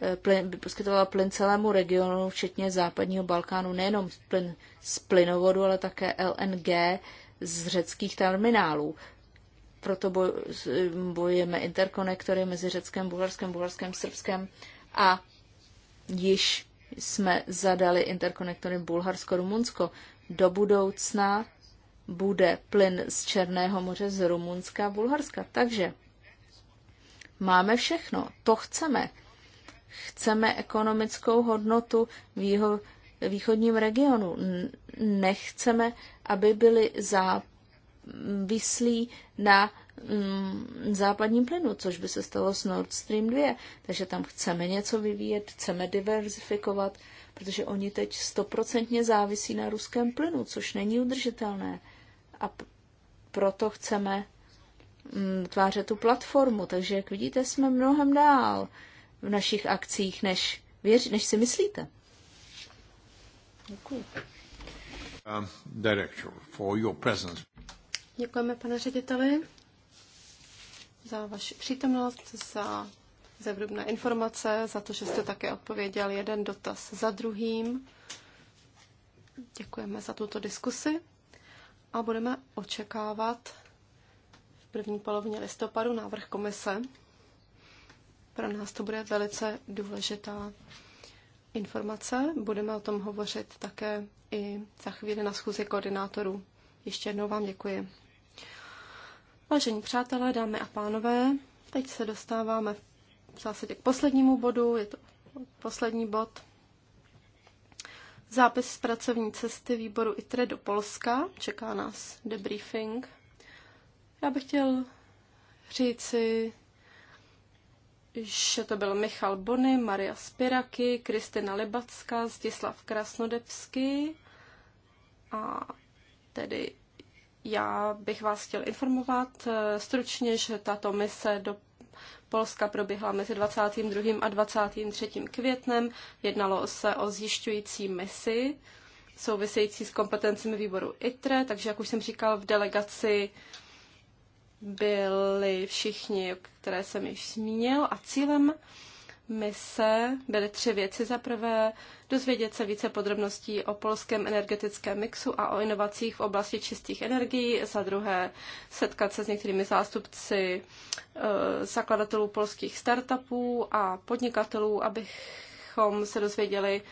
eh, plyn, poskytovala plyn celému regionu, včetně západního Balkánu, nejenom plyn z plynovodu, ale také LNG z řeckých terminálů. Proto bojujeme interkonektory mezi Řeckem, Bulharskem, Bulharskem, Srbskem a již jsme zadali interkonektory Bulharsko-Rumunsko. Do budoucna bude plyn z Černého moře z Rumunska a Bulharska. Takže máme všechno, to chceme. Chceme ekonomickou hodnotu v jeho východním regionu. Nechceme, aby byli závislí na Mm, západním plynu, což by se stalo s Nord Stream 2. Takže tam chceme něco vyvíjet, chceme diverzifikovat, protože oni teď stoprocentně závisí na ruském plynu, což není udržitelné. A proto chceme mm, tvářet tu platformu. Takže, jak vidíte, jsme mnohem dál v našich akcích, než, věř, než si myslíte. Děkuji. Um, director, for your presence. Děkujeme, pane řediteli za vaši přítomnost, za zevrubné informace, za to, že jste také odpověděl jeden dotaz za druhým. Děkujeme za tuto diskusi a budeme očekávat v první polovině listopadu návrh komise. Pro nás to bude velice důležitá informace. Budeme o tom hovořit také i za chvíli na schůzi koordinátorů. Ještě jednou vám děkuji. Vážení přátelé, dámy a pánové, teď se dostáváme v zásadě k poslednímu bodu, je to poslední bod. Zápis z pracovní cesty výboru ITRE do Polska, čeká nás debriefing. Já bych chtěl říci, že to byl Michal Bony, Maria Spiraky, Kristina Libacka, Zdislav Krasnodebsky a tedy já bych vás chtěl informovat eh, stručně, že tato mise do Polska proběhla mezi 22. a 23. květnem. Jednalo se o zjišťující misi související s kompetencemi výboru ITRE, takže jak už jsem říkal, v delegaci byli všichni, které jsem již zmínil a cílem mise byly tři věci. Za prvé dozvědět se více podrobností o polském energetickém mixu a o inovacích v oblasti čistých energií, za druhé setkat se s některými zástupci eh, zakladatelů polských startupů a podnikatelů, abych abychom se dozvěděli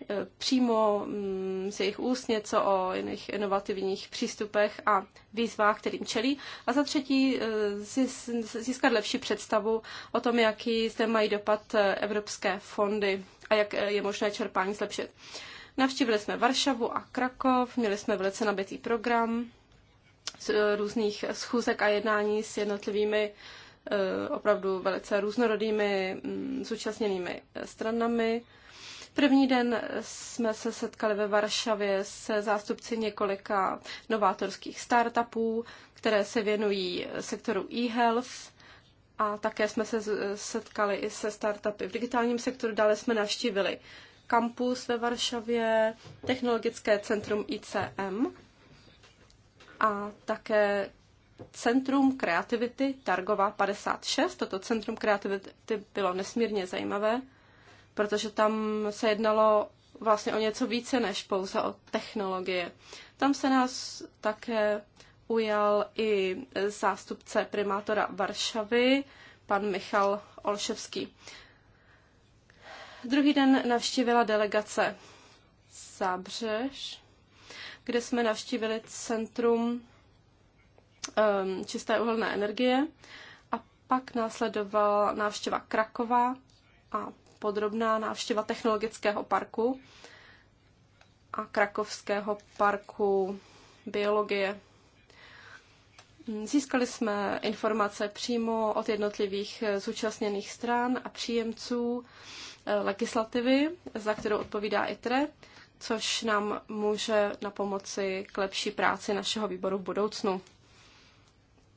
eh, přímo mm, z jejich úst něco o jiných inovativních přístupech a výzvách, kterým čelí. A za třetí eh, získat lepší představu o tom, jaký zde mají dopad eh, evropské fondy a jak je možné čerpání zlepšit. Navštívili jsme Varšavu a Krakov, měli jsme velice nabitý program z různých schůzek a jednání s jednotlivými Eh, opravdu velice různorodými mm, zúčastněnými eh, stranami. První den jsme se setkali ve Varšavě se zástupci několika novátorských startupů, které se věnují eh, sektoru e-health a také jsme se setkali i se startupy v digitálním sektoru. Dále jsme navštívili kampus ve Varšavě, technologické centrum ICM a také Centrum kreativity Targova 56. Toto Centrum kreativity bylo nesmírně zajímavé, protože tam se jednalo vlastně o něco více než pouze o technologie. Tam se nás také ujal i zástupce primátora Varšavy, pan Michal Olševský. Druhý den navštívila delegace Zábřež, kde jsme navštívili Centrum Um, čisté uhelné energie. A pak následovala návštěva Krakova a podrobná návštěva technologického parku a Krakovského parku biologie. Získali jsme informace přímo od jednotlivých zúčastněných stran a příjemců eh, legislativy, za kterou odpovídá ITRE, což nám může na pomoci k lepší práci našeho výboru v budoucnu.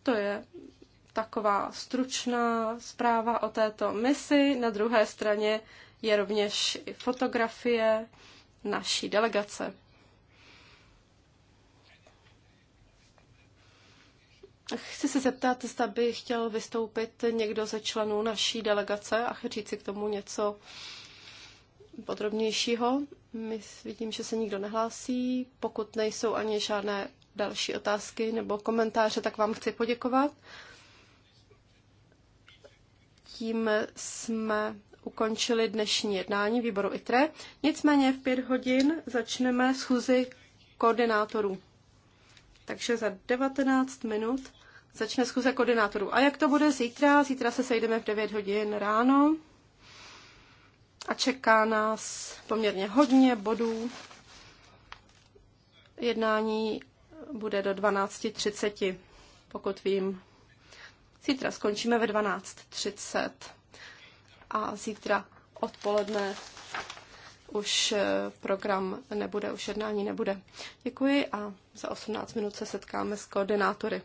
To je taková stručná zpráva o této misi. Na druhé straně je rovněž i fotografie naší delegace. Chci se zeptat, zda by chtěl vystoupit někdo ze členů naší delegace a říct si k tomu něco podrobnějšího. My vidím, že se nikdo nehlásí. Pokud nejsou ani žádné další otázky nebo komentáře, tak vám chci poděkovat. Tím jsme ukončili dnešní jednání výboru ITRE. Nicméně v pět hodin začneme schůzi koordinátorů. Takže za 19 minut začne schůze koordinátorů. A jak to bude zítra? Zítra se sejdeme v 9 hodin ráno a čeká nás poměrně hodně bodů jednání bude do 12.30, pokud vím. Zítra skončíme ve 12.30 a zítra odpoledne už eh, program nebude, už jednání nebude. Děkuji a za 18 minut se setkáme s koordinátory.